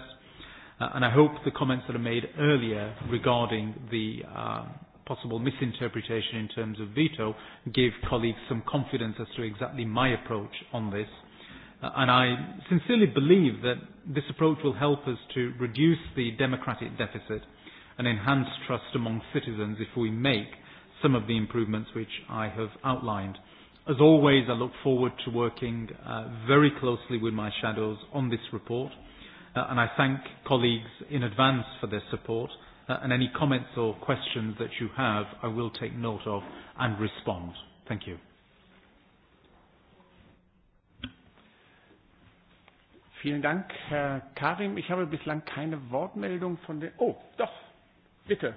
Uh, and I hope the comments that are made earlier regarding the uh, possible misinterpretation in terms of veto, give colleagues some confidence as to exactly my approach on this. Uh, and I sincerely believe that this approach will help us to reduce the democratic deficit and enhance trust among citizens if we make some of the improvements which I have outlined. As always, I look forward to working uh, very closely with my shadows on this report, uh, and I thank colleagues in advance for their support uh, and any comments or questions that you have, I will take note of and respond. Thank you. Vielen Dank, Herr Karim. Ich habe bislang keine Wortmeldung von den. Oh, doch, bitte.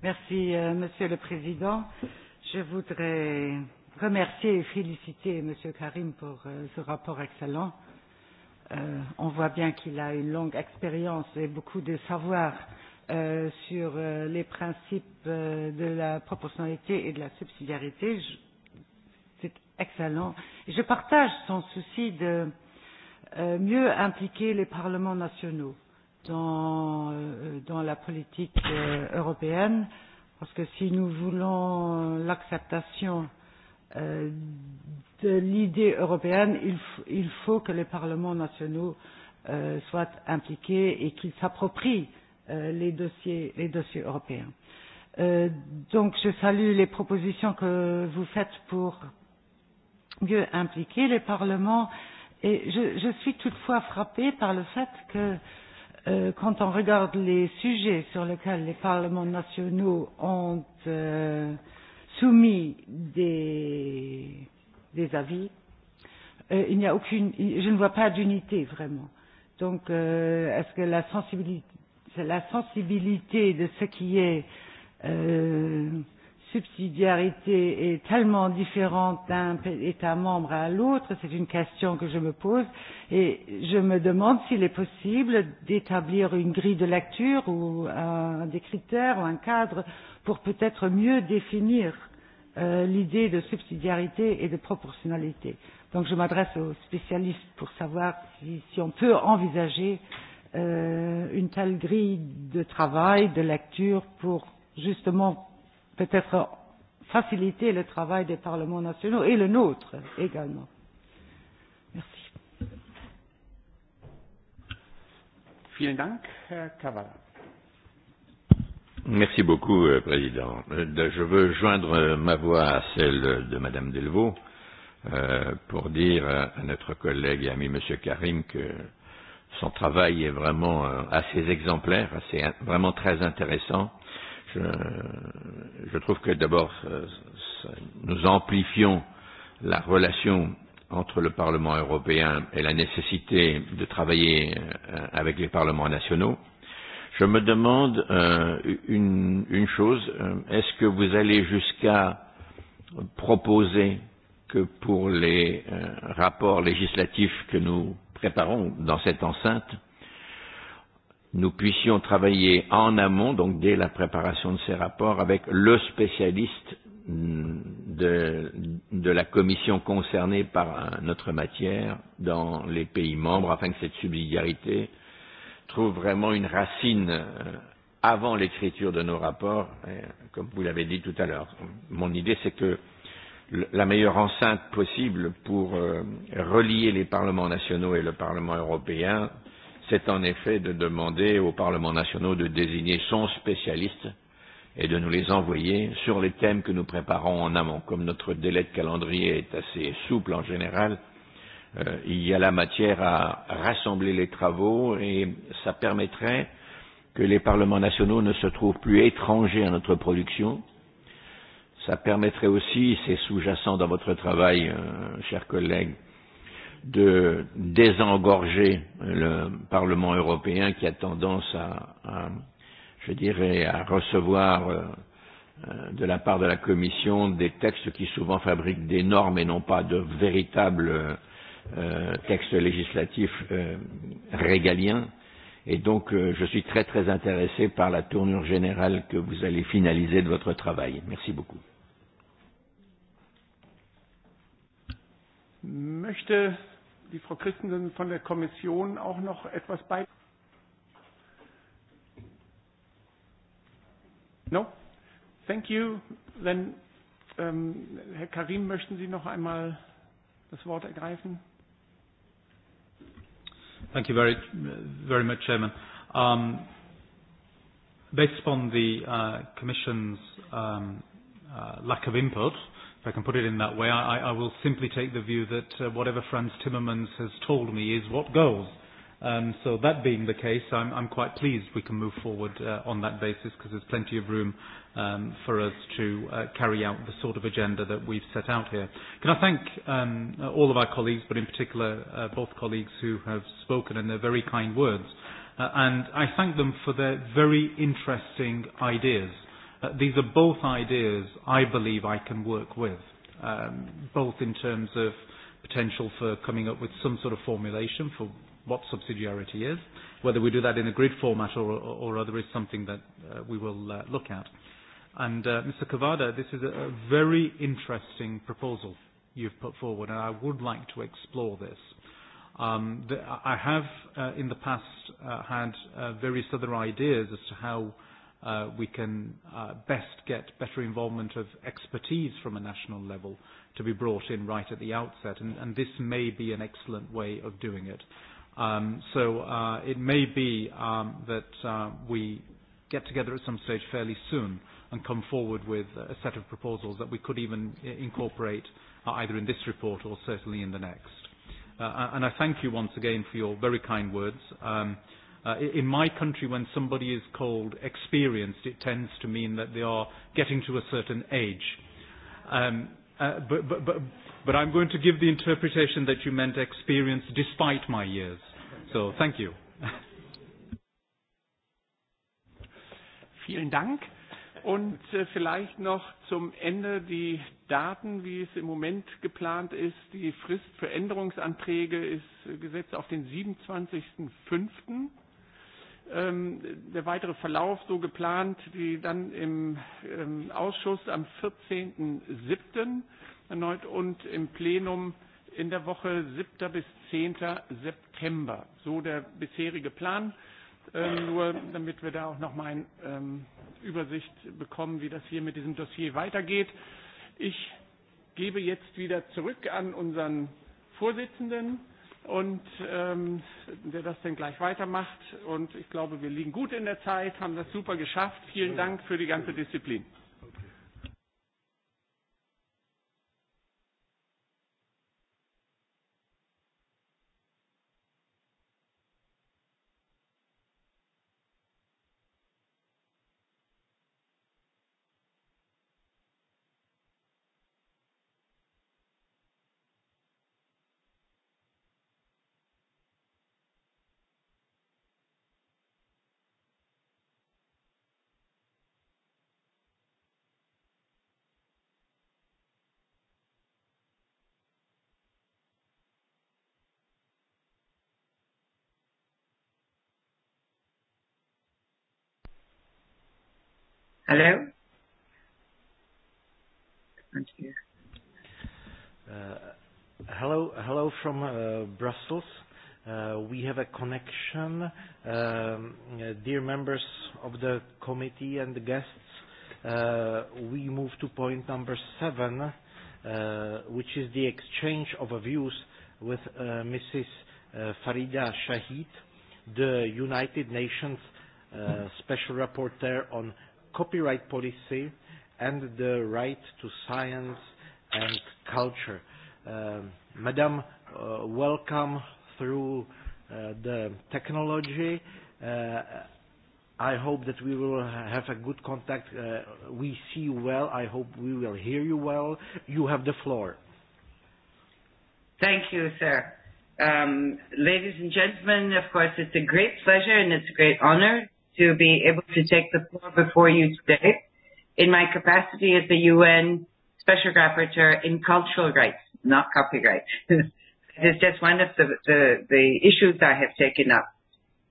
Merci, euh, Monsieur le Président. Je voudrais remercier et féliciter Monsieur Karim pour euh, ce rapport excellent. Euh, euh, on voit bien qu'il a une longue expérience et beaucoup de savoir euh, sur euh, les principes euh, de la proportionnalité et de la subsidiarité. C'est excellent. Et je partage son souci de euh, mieux impliquer les parlements nationaux dans, euh, dans la politique euh, européenne, parce que si nous voulons euh, l'acceptation Euh, de l'idée européenne, il, il faut que les parlements nationaux euh, soient impliqués et qu'ils s'approprient euh, les, dossiers, les dossiers européens. Euh, donc je salue les propositions que vous faites pour mieux impliquer les parlements et je, je suis toutefois frappée par le fait que euh, quand on regarde les sujets sur lesquels les parlements nationaux ont euh, euh, soumis des, des avis, euh, il n'y a aucune, je ne vois pas d'unité vraiment. Donc, euh, est-ce que la sensibilité, la sensibilité de ce qui est euh, subsidiarité est tellement différente d'un État membre à l'autre, c'est une question que je me pose et je me demande s'il est possible d'établir une grille de lecture ou un, des critères ou un cadre pour peut-être mieux définir euh, l'idée de subsidiarité et de proportionnalité. Donc je m'adresse aux spécialistes pour savoir si, si on peut envisager euh, une telle grille de travail, de lecture, pour justement peut-être faciliter le travail des parlements nationaux et le nôtre également. Merci. Vielen Dank, Herr Kavala. Merci beaucoup, euh, Président. Euh, je veux joindre euh, ma voix à celle de Madame Delvaux euh, pour dire euh, à notre collègue et ami M. Karim que son travail est vraiment euh, assez exemplaire, assez, vraiment très intéressant. Je, je trouve que d'abord, nous amplifions la relation entre le Parlement européen et la nécessité de travailler avec les parlements nationaux. Euh, Je me demande euh, une, une chose, euh, est-ce que vous allez jusqu'à proposer que pour les euh, rapports législatifs que nous préparons dans cette enceinte, nous puissions travailler en amont, donc dès la préparation de ces rapports, avec le spécialiste mm, de, de la commission concernée par euh, notre matière dans les pays membres, afin que cette subsidiarité euh, trouve vraiment une racine euh, avant l'écriture de nos rapports, et, comme vous l'avez dit tout à l'heure. Mon idée, c'est que la meilleure enceinte possible pour euh, relier les parlements nationaux et le Parlement européen, c'est en effet de demander aux parlements nationaux de désigner son spécialiste et de nous les envoyer sur les thèmes que nous préparons en amont. Comme notre délai de calendrier est assez souple en général, euh, il y a la matière à rassembler les travaux et ça permettrait que les parlements nationaux ne se trouvent plus étrangers à notre production. Ça permettrait aussi, c'est sous-jacent dans votre travail, euh, chers collègues, de désengorger le Parlement européen qui a tendance à, à je dirais, à recevoir euh, euh de la part de la Commission des textes qui souvent fabriquent des normes et non pas de véritables euh, euh, texte législatif euh, régalien. Et donc, euh, je suis très très intéressé par la tournure générale que vous allez finaliser de votre travail. Merci beaucoup. Möchte die Frau Christensen von der Kommission auch noch etwas beitragen? No? Thank you. Then, ähm, Herr Karim, möchten Sie noch einmal das Wort ergreifen? Thank you very, very much, Chairman. Um, based upon the uh, Commission's um, uh, lack of input, if I can put it in that way, I, I will simply take the view that uh, whatever Franz Timmermans has told me is what goes. Uh, Um, so that being the case, I'm, I'm quite pleased we can move forward uh, on that basis because there's plenty of room um, for us to uh, carry out the sort of agenda that we've set out here. Can I thank um, all of our colleagues, but in particular uh, both colleagues who have spoken and their very kind words. Uh, and I thank them for their very interesting ideas. Uh, these are both ideas I believe I can work with, um, both in terms of potential for coming up with some sort of formulation for what subsidiarity is. Whether we do that in a grid format or, or, or other is something that uh, we will uh, look at. And uh, Mr. Cavada, this is a, a very interesting proposal you've put forward, and I would like to explore this. Um, the, I have, uh, in the past, uh, had uh, various other ideas as to how uh, we can uh, best get better involvement of expertise from a national level to be brought in right at the outset, and, and this may be an excellent way of doing it. Um, so uh, it may be um, that uh, we get together at some stage fairly soon and come forward with a set of proposals that we could even uh, incorporate uh, either in this report or certainly in the next. Uh, and I thank you once again for your very kind words. Um, uh, in my country, when somebody is called experienced, it tends to mean that they are getting to a certain age. Um, uh, but, but, but, but I'm going to give the interpretation that you meant experienced despite my years. So, thank you. [LAUGHS] Vielen Dank. Und äh, vielleicht noch zum Ende die Daten, wie es im Moment geplant ist. Die Frist für Änderungsanträge ist äh, gesetzt auf den 27.05. Ähm, der weitere Verlauf so geplant, die dann im ähm, Ausschuss am 14.07. erneut und im Plenum in der Woche 7. bis 10. September. So der bisherige Plan. Ähm, nur damit wir da auch nochmal eine ähm, Übersicht bekommen, wie das hier mit diesem Dossier weitergeht. Ich gebe jetzt wieder zurück an unseren Vorsitzenden und ähm, der das dann gleich weitermacht. Und ich glaube, wir liegen gut in der Zeit, haben das super geschafft. Vielen Dank für die ganze Disziplin. Hello? Uh, hello, hello from uh, Brussels. Uh, we have a connection. Um, uh, dear members of the committee and the guests, uh, we move to point number seven, uh, which is the exchange of views with uh, Mrs. Uh, Farida Shahid, the United Nations uh, Special Rapporteur on copyright policy and the right to science and culture. Uh, Madam, uh, welcome through uh, the technology. Uh, I hope that we will have a good contact. Uh, we see you well. I hope we will hear you well. You have the floor. Thank you, sir. Um, ladies and gentlemen, of course, it's a great pleasure and it's a great honor to be able to take the floor before you today in my capacity as the UN Special Rapporteur in Cultural Rights, not copyright. It's [LAUGHS] just one of the, the, the issues I have taken up.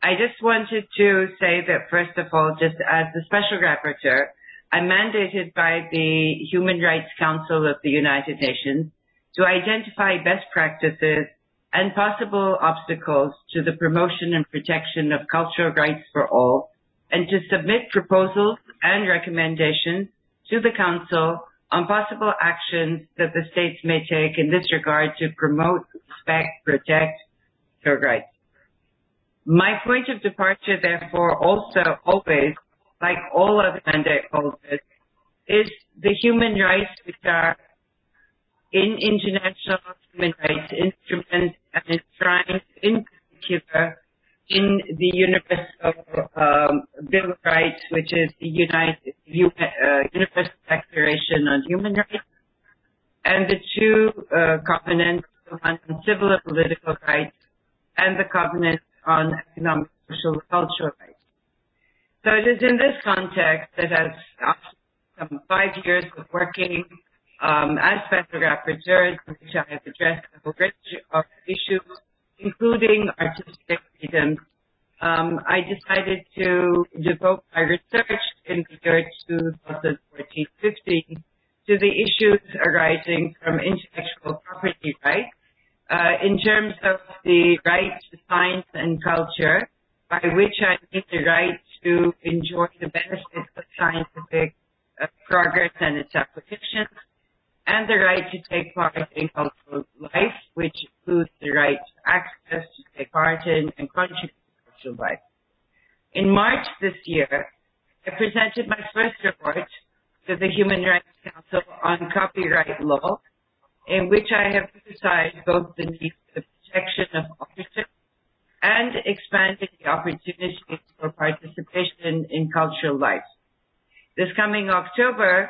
I just wanted to say that first of all, just as the Special Rapporteur, I'm mandated by the Human Rights Council of the United Nations to identify best practices and possible obstacles to the promotion and protection of cultural rights for all and to submit proposals and recommendations to the Council on possible actions that the states may take in this regard to promote, respect, protect their rights. My point of departure, therefore, also always, like all other mandate holders, is the human rights which are in international human rights instruments and enshrined in particular in the Universal um, Bill of Rights, which is the United, UN, uh, Universal Declaration on Human Rights, and the two uh, covenants, the one on civil and political rights, and the covenant on economic, social, and cultural rights. So it is in this context that as after some five years of working um, as special rapporteur, in which I have addressed a whole range of issues including artistic freedom, um, I decided to devote my research in the year 2014-15 to the issues arising from intellectual property rights uh, in terms of the right to science and culture, by which I mean the right to enjoy the benefits of scientific uh, progress and its applications, and the right to take part in cultural life, which includes the right to access, to take part in, and contribute to cultural life. In March this year, I presented my first report to the Human Rights Council on copyright law, in which I have emphasized both the need for the protection of authorship and expanding the opportunities for participation in cultural life. This coming October,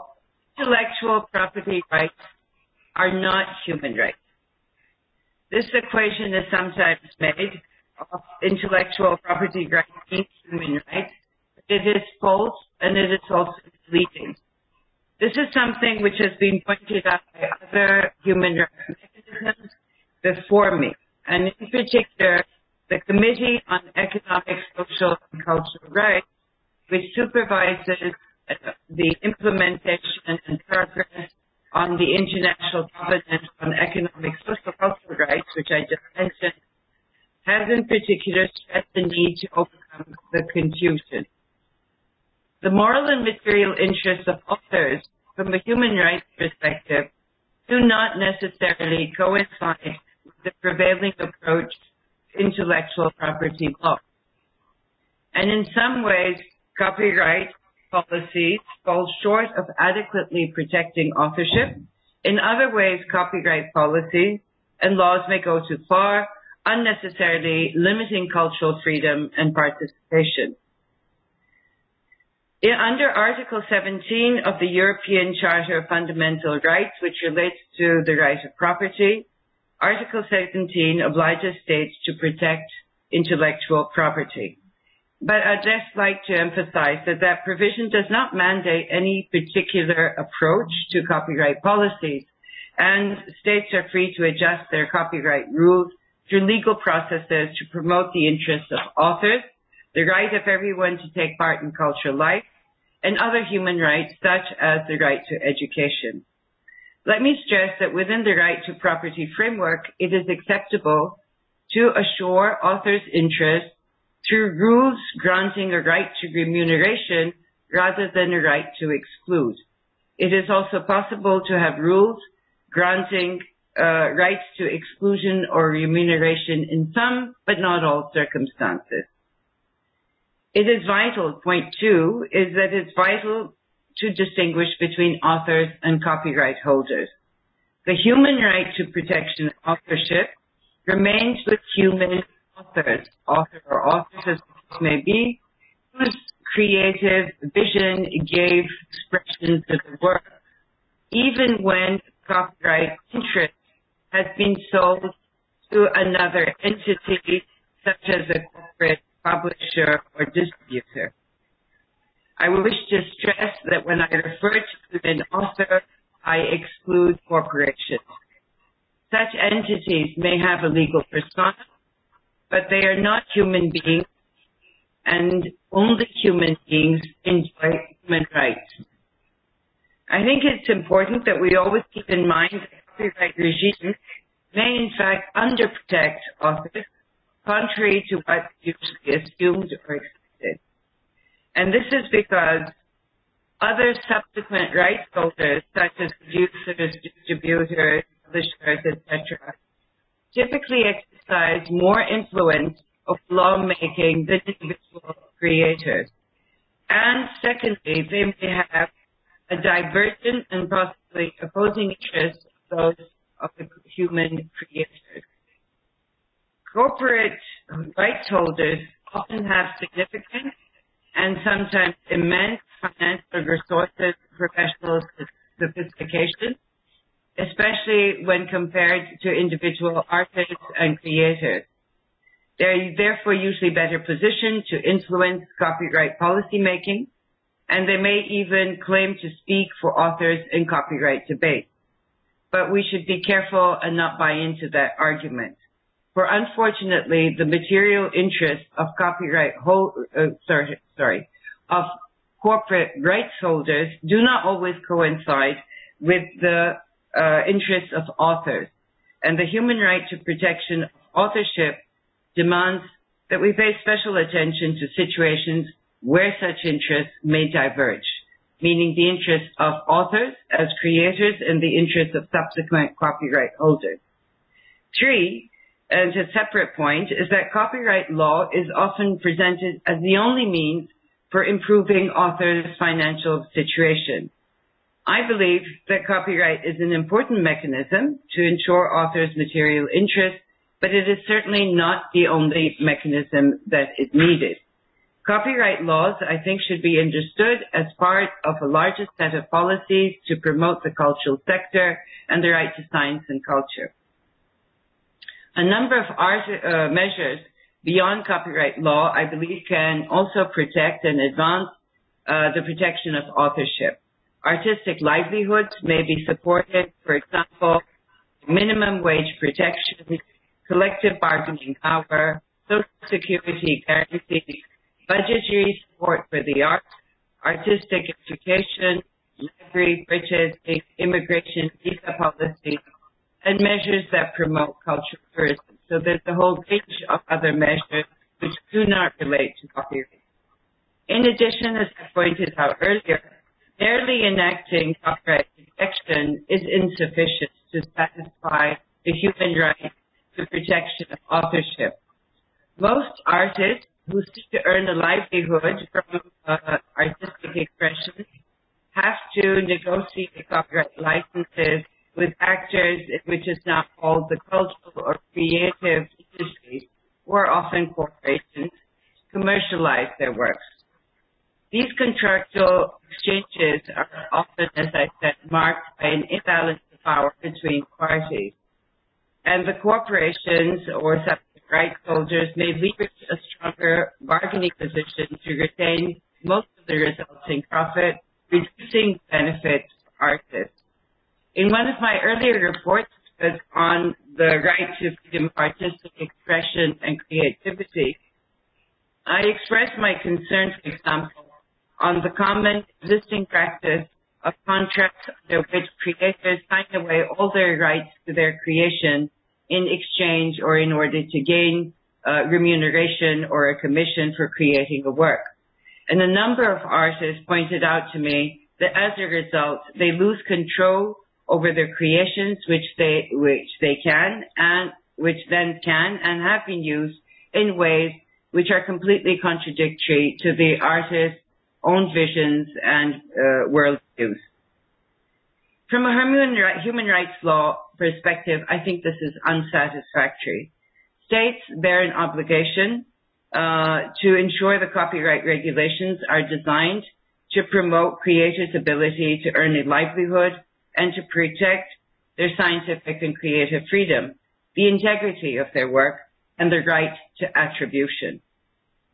movement rate. This equation is sometimes made of intellectual property rights and human rights, but it is false and it is also misleading. This is something which has been pointed out by other human rights mechanisms before me, and in particular, the Committee on Economic, Social and Cultural Rights, which supervises the implementation and progress on the Internet need to overcome the confusion. The moral and material interests of authors from a human rights perspective do not necessarily coincide with the prevailing approach to intellectual property law. And in some ways, copyright policies fall short of adequately protecting authorship. In other ways, copyright policies and laws may go too far unnecessarily limiting cultural freedom and participation. Under Article 17 of the European Charter of Fundamental Rights, which relates to the right of property, Article 17 obliges states to protect intellectual property. But I'd just like to emphasize that that provision does not mandate any particular approach to copyright policies, and states are free to adjust their copyright rules through legal processes to promote the interests of authors, the right of everyone to take part in cultural life, and other human rights such as the right to education. Let me stress that within the right to property framework, it is acceptable to assure authors' interests through rules granting a right to remuneration rather than a right to exclude. It is also possible to have rules granting uh, rights to exclusion or remuneration in some, but not all circumstances. It is vital, point two, is that it's vital to distinguish between authors and copyright holders. The human right to protection of authorship remains with human authors, author or authors as it may be, whose creative vision gave expression to the work, even when copyright interest has been sold to another entity, such as a corporate publisher or distributor. I wish to stress that when I refer to an author, I exclude corporations. Such entities may have a legal persona, but they are not human beings, and only human beings enjoy human rights. I think it's important that we always keep in mind that copyright regime may in fact underprotect authors, contrary to what usually assumed or expected. And this is because other subsequent rights holders, such as producers, distributors, publishers, etc., typically exercise more influence of lawmaking than individual creators. And secondly, they may have a divergent and possibly opposing interest those of the human creators. Corporate rights holders often have significant and sometimes immense financial resources, professional sophistication, especially when compared to individual artists and creators. They're therefore usually better positioned to influence copyright policymaking, and they may even claim to speak for authors in copyright debates but we should be careful and not buy into that argument. For unfortunately, the material interest of copyright hold, uh, sorry, sorry, of corporate rights holders do not always coincide with the uh, interests of authors. And the human right to protection of authorship demands that we pay special attention to situations where such interests may diverge meaning the interests of authors as creators and the interests of subsequent copyright holders. Three, and a separate point, is that copyright law is often presented as the only means for improving authors' financial situation. I believe that copyright is an important mechanism to ensure authors' material interests, but it is certainly not the only mechanism that is needed. Copyright laws, I think, should be understood as part of a larger set of policies to promote the cultural sector and the right to science and culture. A number of art, uh, measures beyond copyright law, I believe, can also protect and advance uh, the protection of authorship. Artistic livelihoods may be supported, for example, minimum wage protection, collective bargaining power, social security guarantees, budgetary support for the arts, artistic education, library purchasing, immigration, visa policies, and measures that promote cultural tourism. So there's a whole range of other measures which do not relate to copyright. In addition, as I pointed out earlier, merely enacting copyright protection is insufficient to satisfy the human right to protection of authorship. Most artists who seek to earn a livelihood from uh, artistic expression have to negotiate copyright licenses with actors which is now called the cultural or creative industries or often corporations commercialize their works. These contractual exchanges are often, as I said, marked by an imbalance of power between parties. And the corporations or sub rights holders may leverage a stronger bargaining position to retain most of the resulting profit, reducing benefits for artists. In one of my earlier reports was on the right to freedom of artistic expression and creativity, I expressed my concern, for example, on the common existing practice of contracts under which creators sign away all their rights to their creation in exchange or in order to gain uh, remuneration or a commission for creating a work. And a number of artists pointed out to me that as a result, they lose control over their creations, which they, which they can and which then can and have been used in ways which are completely contradictory to the artist's own visions and uh, worldviews. From a human, human rights law perspective, I think this is unsatisfactory. States bear an obligation uh, to ensure the copyright regulations are designed to promote creators' ability to earn a livelihood and to protect their scientific and creative freedom, the integrity of their work, and the right to attribution.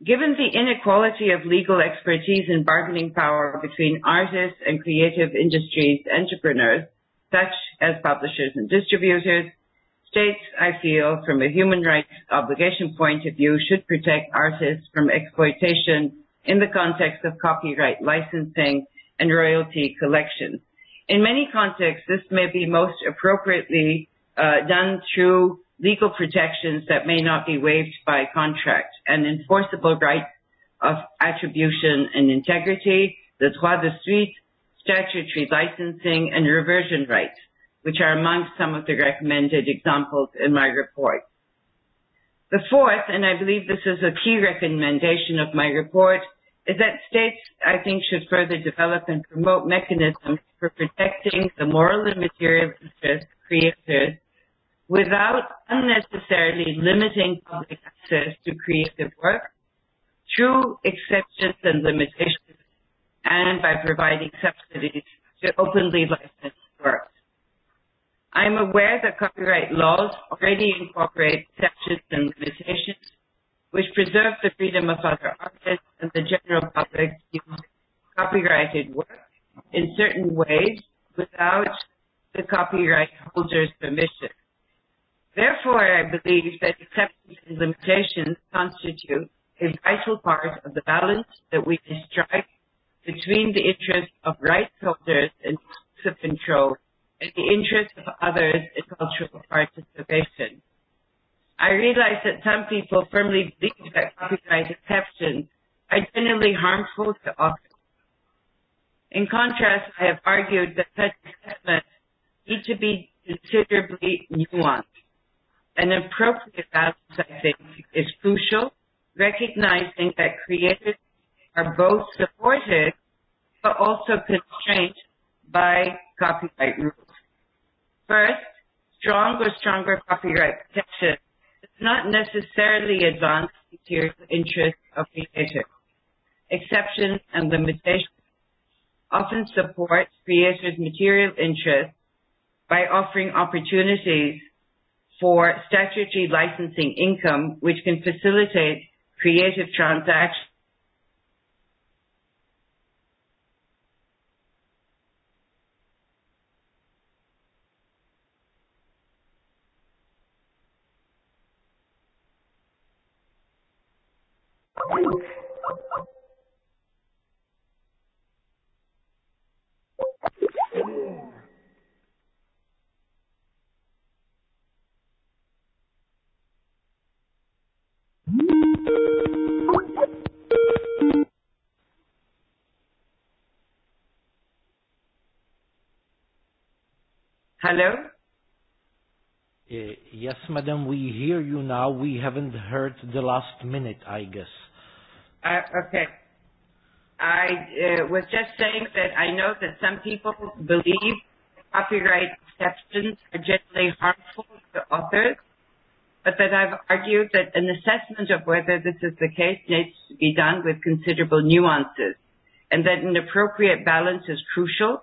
Given the inequality of legal expertise and bargaining power between artists and creative industries entrepreneurs, such as publishers and distributors, states, I feel, from a human rights obligation point of view, should protect artists from exploitation in the context of copyright licensing and royalty collection. In many contexts, this may be most appropriately uh, done through legal protections that may not be waived by contract and enforceable rights of attribution and integrity, the droit de suite, statutory licensing, and reversion rights, which are among some of the recommended examples in my report. The fourth, and I believe this is a key recommendation of my report, is that states, I think, should further develop and promote mechanisms for protecting the moral and material interests creators without unnecessarily limiting public access to creative work through exceptions and limitations and by providing subsidies to openly licensed works. I'm aware that copyright laws already incorporate exceptions and limitations which preserve the freedom of other artists and the general public to use copyrighted work in certain ways without the copyright holder's permission. Therefore, I believe that acceptance and limitations constitute a vital part of the balance that we can strike between the interests of rights holders and of control and the interests of others in cultural participation. I realize that some people firmly believe that copyright exceptions are generally harmful to authors. In contrast, I have argued that such assessments need to be considerably nuanced and appropriate balance, I think, is crucial, recognizing that creators are both supported but also constrained by copyright rules. First, strong or stronger copyright protection does not necessarily advance the material interests of creators. Exceptions and limitations often support creators' material interests by offering opportunities for statutory licensing income, which can facilitate creative transactions Hello? Uh, yes, madam, we hear you now. We haven't heard the last minute, I guess. Uh, okay. I uh, was just saying that I know that some people believe copyright exceptions are generally harmful to authors, but that I've argued that an assessment of whether this is the case needs to be done with considerable nuances, and that an appropriate balance is crucial,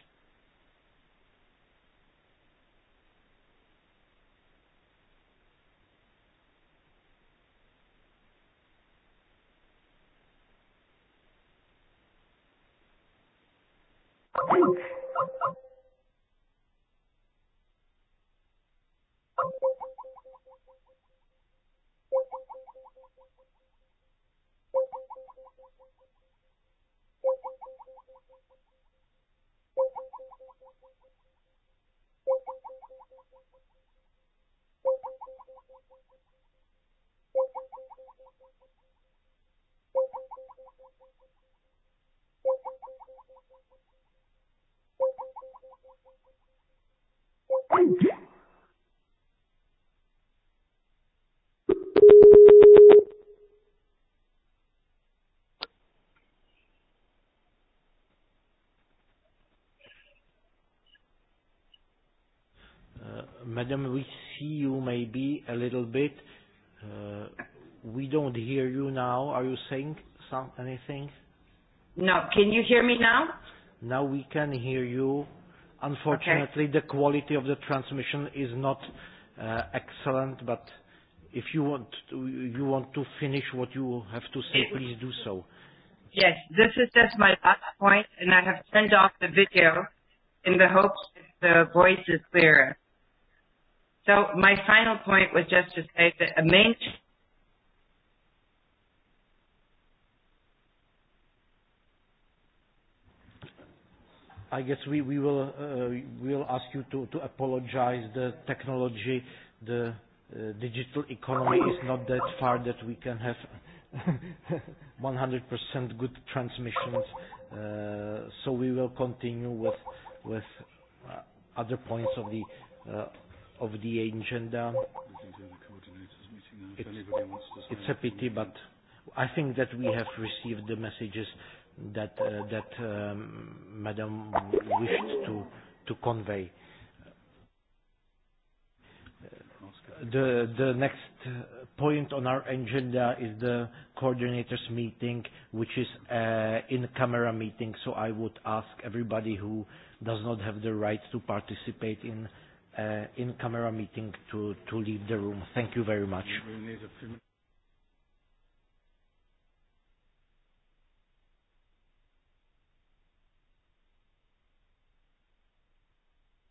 life. Uh, Madam, we see you maybe a little bit. Uh, we don't hear you now. Are you saying some, anything? No. Can you hear me now? Now we can hear you. Unfortunately, okay. the quality of the transmission is not uh, excellent, but if you want to, you want to finish what you have to say, please do so. Yes, this is just my last point, and I have turned off the video in the hopes that the voice is clearer. So my final point was just to say that a main I guess we, we will uh, we'll ask you to, to apologize. The technology, the uh, digital economy is not that far that we can have 100% [LAUGHS] good transmissions. Uh, so we will continue with with uh, other points of the uh, of the agenda. It's, it's a pity, but I think that we have received the messages that uh, that um, Madam wished to to convey. The the next point on our agenda is the coordinators meeting, which is uh, in-camera meeting. So I would ask everybody who does not have the right to participate in uh, in-camera meeting to to leave the room. Thank you very much.